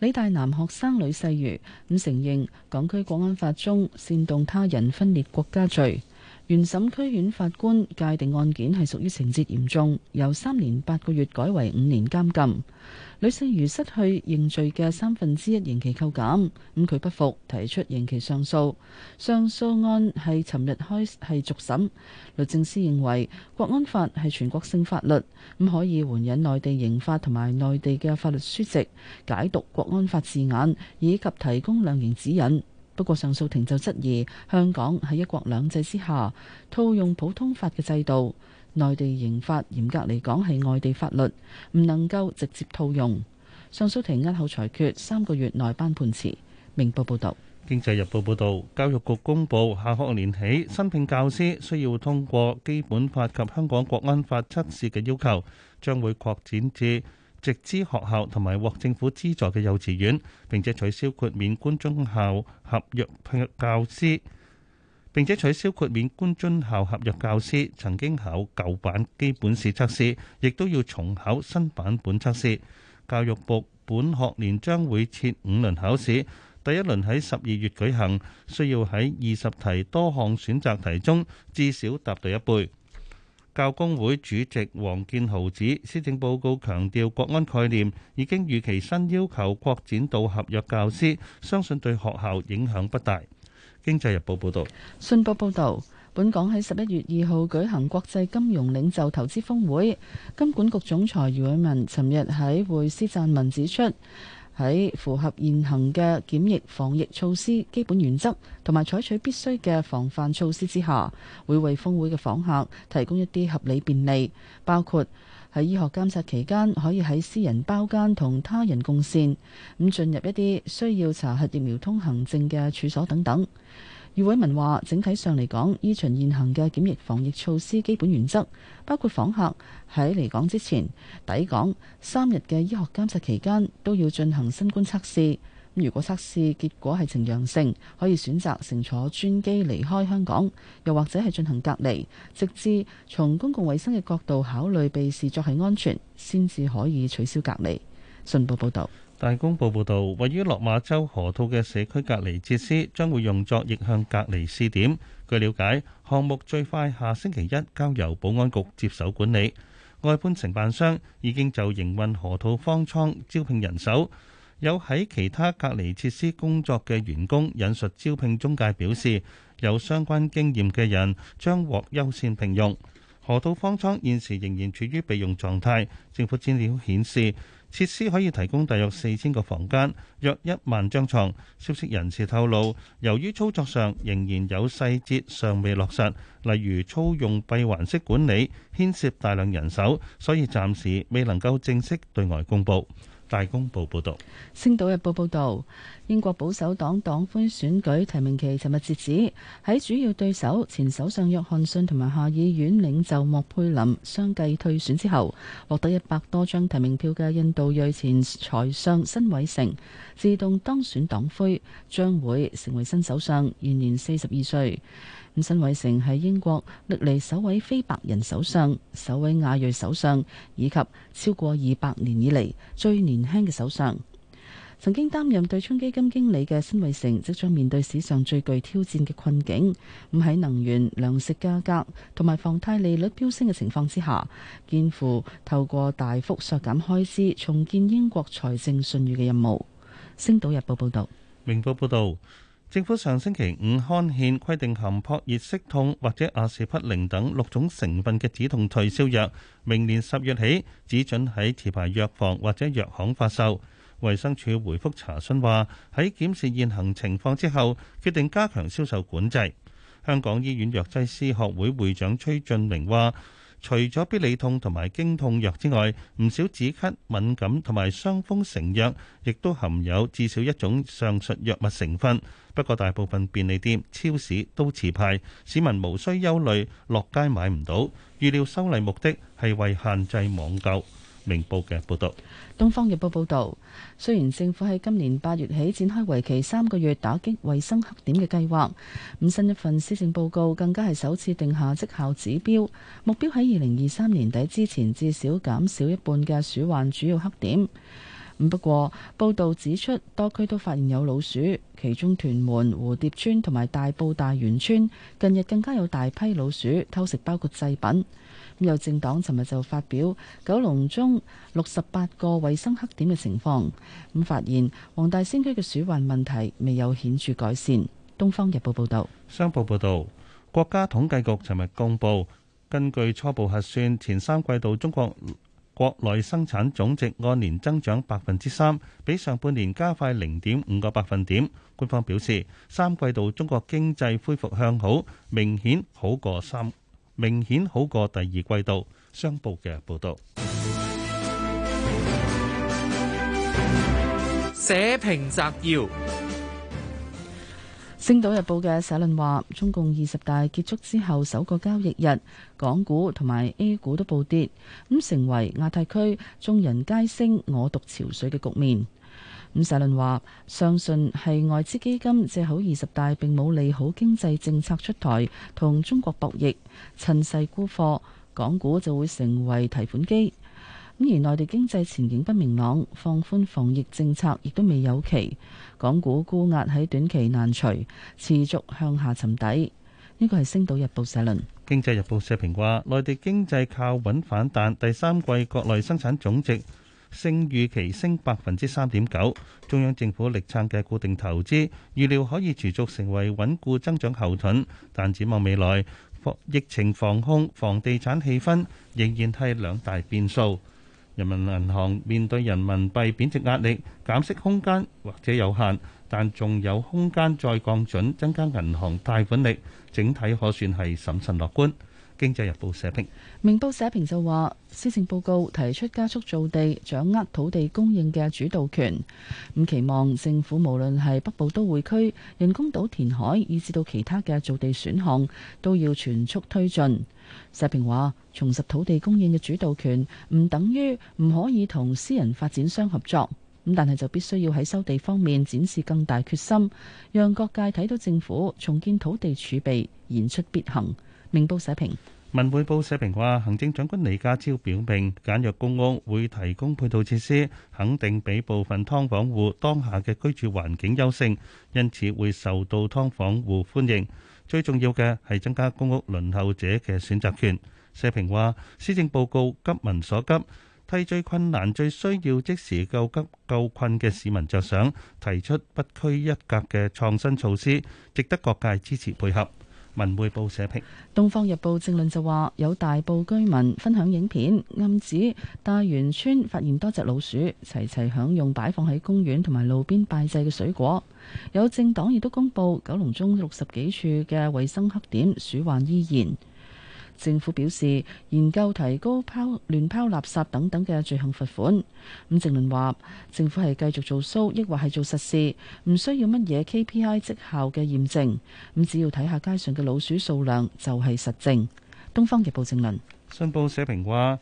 李大男學生呂世如，咁承認港區國安法中煽動他人分裂國家罪。原審區院法官界定案件係屬於情節嚴重，由三年八個月改為五年監禁。女性如失去認罪嘅三分之一刑期扣減，咁佢不服提出刑期上訴，上訴案係尋日開係續審。律政司認為《國安法》係全國性法律，咁可以援引內地刑法同埋內地嘅法律書籍，解讀《國安法》字眼，以及提供量刑指引。不過上訴庭就質疑，香港喺一國兩制之下套用普通法嘅制度，內地刑法嚴格嚟講係外地法律，唔能夠直接套用。上訴庭押後裁決，三個月內頒判詞。明報報道，經濟日報報道，教育局公布，下學年起新聘教師需要通過基本法及香港國安法測試嘅要求，將會擴展至。直資學校同埋獲政府資助嘅幼稚園，並且取消豁免官中校合約教師，並且取消豁免官中校合約教師曾經考舊版基本試測試，亦都要重考新版本測試。教育部本學年將會設五輪考試，第一輪喺十二月舉行，需要喺二十題多項選擇題中至少答對一半。教工會主席王建豪指，施政報告強調國安概念，已經預期新要求擴展到合約教師，相信對學校影響不大。經濟日報報道，信報報道，本港喺十一月二號舉行國際金融領袖投資峰會，金管局總裁余偉文尋日喺匯思撰文指出。喺符合現行嘅檢疫防疫措施基本原則同埋採取必須嘅防範措施之下，會為峰會嘅訪客提供一啲合理便利，包括喺醫學監察期間可以喺私人包間同他人共膳，咁進入一啲需要查核疫苗通行證嘅處所等等。余偉文話，整體上嚟講，依循現行嘅檢疫防疫措施基本原則，包括訪客喺嚟港之前、抵港三日嘅醫學監察期間都要進行新冠測試。如果測試結果係呈陽性，可以選擇乘坐專機離開香港，又或者係進行隔離，直至從公共衞生嘅角度考慮被視作係安全，先至可以取消隔離。信報報導。大公報報導，位於落馬洲河套嘅社區隔離設施將會用作逆向隔離試點。據了解，項目最快下星期一交由保安局接手管理。外判承辦商已經就營運河套方艙招聘人手，有喺其他隔離設施工作嘅員工引述招聘中介表示，有相關經驗嘅人將獲優先聘用。河套方艙現時仍然處於備用狀態。政府資料顯示，設施可以提供大約四千個房間，約一萬張床。消息人士透露，由於操作上仍然有細節尚未落實，例如操用閉環式管理牽涉大量人手，所以暫時未能夠正式對外公佈。大公報報道，《星島日報》報道，英國保守黨黨魁選舉提名期尋日截止。喺主要對手前首相約翰遜同埋下議院領袖莫佩林相繼退選之後，獲得一百多張提名票嘅印度裔前財相辛偉成自動當選黨魁，將會成為新首相，現年四十二歲。咁辛偉誠係英國歷嚟首位非白人首相、首位亞裔首相，以及超過二百年以嚟最年輕嘅首相。曾經擔任對沖基金經理嘅辛偉誠，即將面對史上最具挑戰嘅困境。咁喺能源、糧食價格同埋房貸利率飆升嘅情況之下，肩負透過大幅削減開支，重建英國財政信譽嘅任務。《星島日報》報道，《明報》報道。政府上星期五刊憲規定，含撲熱息痛或者阿士匹靈等六種成分嘅止痛退燒藥，明年十月起只准喺持牌藥房或者藥行發售。衛生署回覆查詢話，喺檢視現行情況之後，決定加強銷售管制。香港醫院藥劑師學會會長崔俊明話。除咗必理痛同埋經痛藥之外，唔少止咳、敏感同埋傷風成藥，亦都含有至少一種上述藥物成分。不過，大部分便利店、超市都持牌，市民無需憂慮落街買唔到。預料修例目的係為限制網購。明報嘅報道，東方日報報導，雖然政府喺今年八月起展開為期三個月打擊衞生黑點嘅計劃，咁新一份施政報告更加係首次定下績效指標，目標喺二零二三年底之前至少減少一半嘅鼠患主要黑點。不過，報道指出多區都發現有老鼠，其中屯門蝴蝶村同埋大埔大元村近日更加有大批老鼠偷食包括製品。有政黨尋日就發表九龍中六十八個衞生黑點嘅情況，咁發現黃大仙區嘅鼠患問題未有顯著改善。《東方日報》報導，《商報》報導，國家統計局尋日公布，根據初步核算，前三季度中國國內生產總值按年增長百分之三，比上半年加快零點五個百分點。官方表示，三季度中國經濟恢復向好，明顯好過三，明顯好過第二季度。商報嘅報道，社評摘要。《星島日報》嘅社論話，中共二十大結束之後首個交易日，港股同埋 A 股都暴跌，咁成為亞太區眾人皆升我獨潮水嘅局面。咁社論話，相信係外資基金借口二十大並冇利好經濟政策出台，同中國博弈，趁勢沽貨，港股就會成為提款機。咁而內地經濟前景不明朗，放寬防疫政策亦都未有期。港股沽壓喺短期難除，持續向下沉底。呢個係《星島日報》社論，《經濟日報》社評話，內地經濟靠穩反彈，第三季國內生產總值勝預期升百分之三點九。中央政府力撐嘅固定投資預料可以持續成為穩固增長後盾，但展望未來，疫情防控、房地產氣氛仍然係兩大變數。人民銀行面對人民幣貶值壓力，減息空間或者有限，但仲有空間再降準，增加銀行貸款力，整體可算係審慎樂觀。《經濟日報》社評，明報社評就話：施政報告提出加速造地，掌握土地供應嘅主導權。咁期望政府無論係北部都會區、人工島填海，以至到其他嘅造地選項，都要全速推進。社評話：重拾土地供應嘅主導權，唔等於唔可以同私人發展商合作。咁但係就必須要喺收地方面展示更大決心，讓各界睇到政府重建土地儲備言出必行。明報社評，文匯報社評話，行政長官李家超表明，簡約公屋會提供配套設施，肯定比部分劏房戶當下嘅居住環境優勝，因此會受到劏房戶歡迎。最重要嘅係增加公屋輪候者嘅選擇權。社評話，施政報告急民所急，替最困難、最需要即時救急救困嘅市民著想，提出不拘一格嘅創新措施，值得各界支持配合。文匯報社評，《東方日報正論》政論就話，有大埔居民分享影片，暗指大源村發現多隻老鼠，齊齊享用擺放喺公園同埋路邊拜祭嘅水果。有政黨亦都公布九龍中六十幾處嘅衛生黑點，鼠患依然。政府表示研究提高拋亂拋垃圾等等嘅罪行罰款。咁正論話政府係繼續做 show，亦或係做實事，唔需要乜嘢 KPI 績效嘅驗證，咁只要睇下街上嘅老鼠數量就係實證。東方日報正論。信報社評話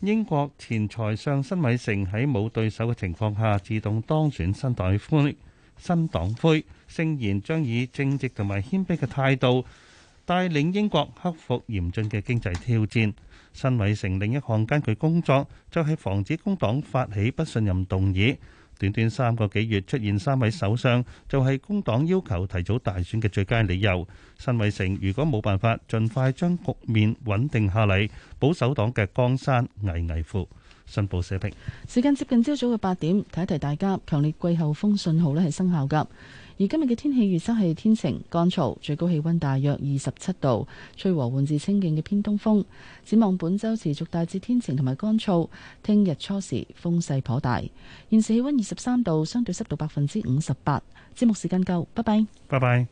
英國前財相辛偉誠喺冇對手嘅情況下自動當選新黨魁新黨魁，聲言將以正直同埋謙卑嘅態度。帶領英國克服嚴峻嘅經濟挑戰。辛偉誠另一項艱巨工作，就係防止工黨發起不信任動議。短短三個幾月出現三位首相，就係工黨要求提早大選嘅最佳理由。辛偉誠如果冇辦法盡快將局面穩定下嚟，保守黨嘅江山危危乎。信報社評。時間接近朝早嘅八點，提一提大家，強烈季後風信號咧係生效㗎。而今日嘅天氣預測係天晴乾燥，最高氣溫大約二十七度，吹和緩至清勁嘅偏東風。展望本周持續大致天晴同埋乾燥，聽日初時風勢頗大。現時氣溫二十三度，相對濕度百分之五十八。節目時間夠，拜拜。拜拜。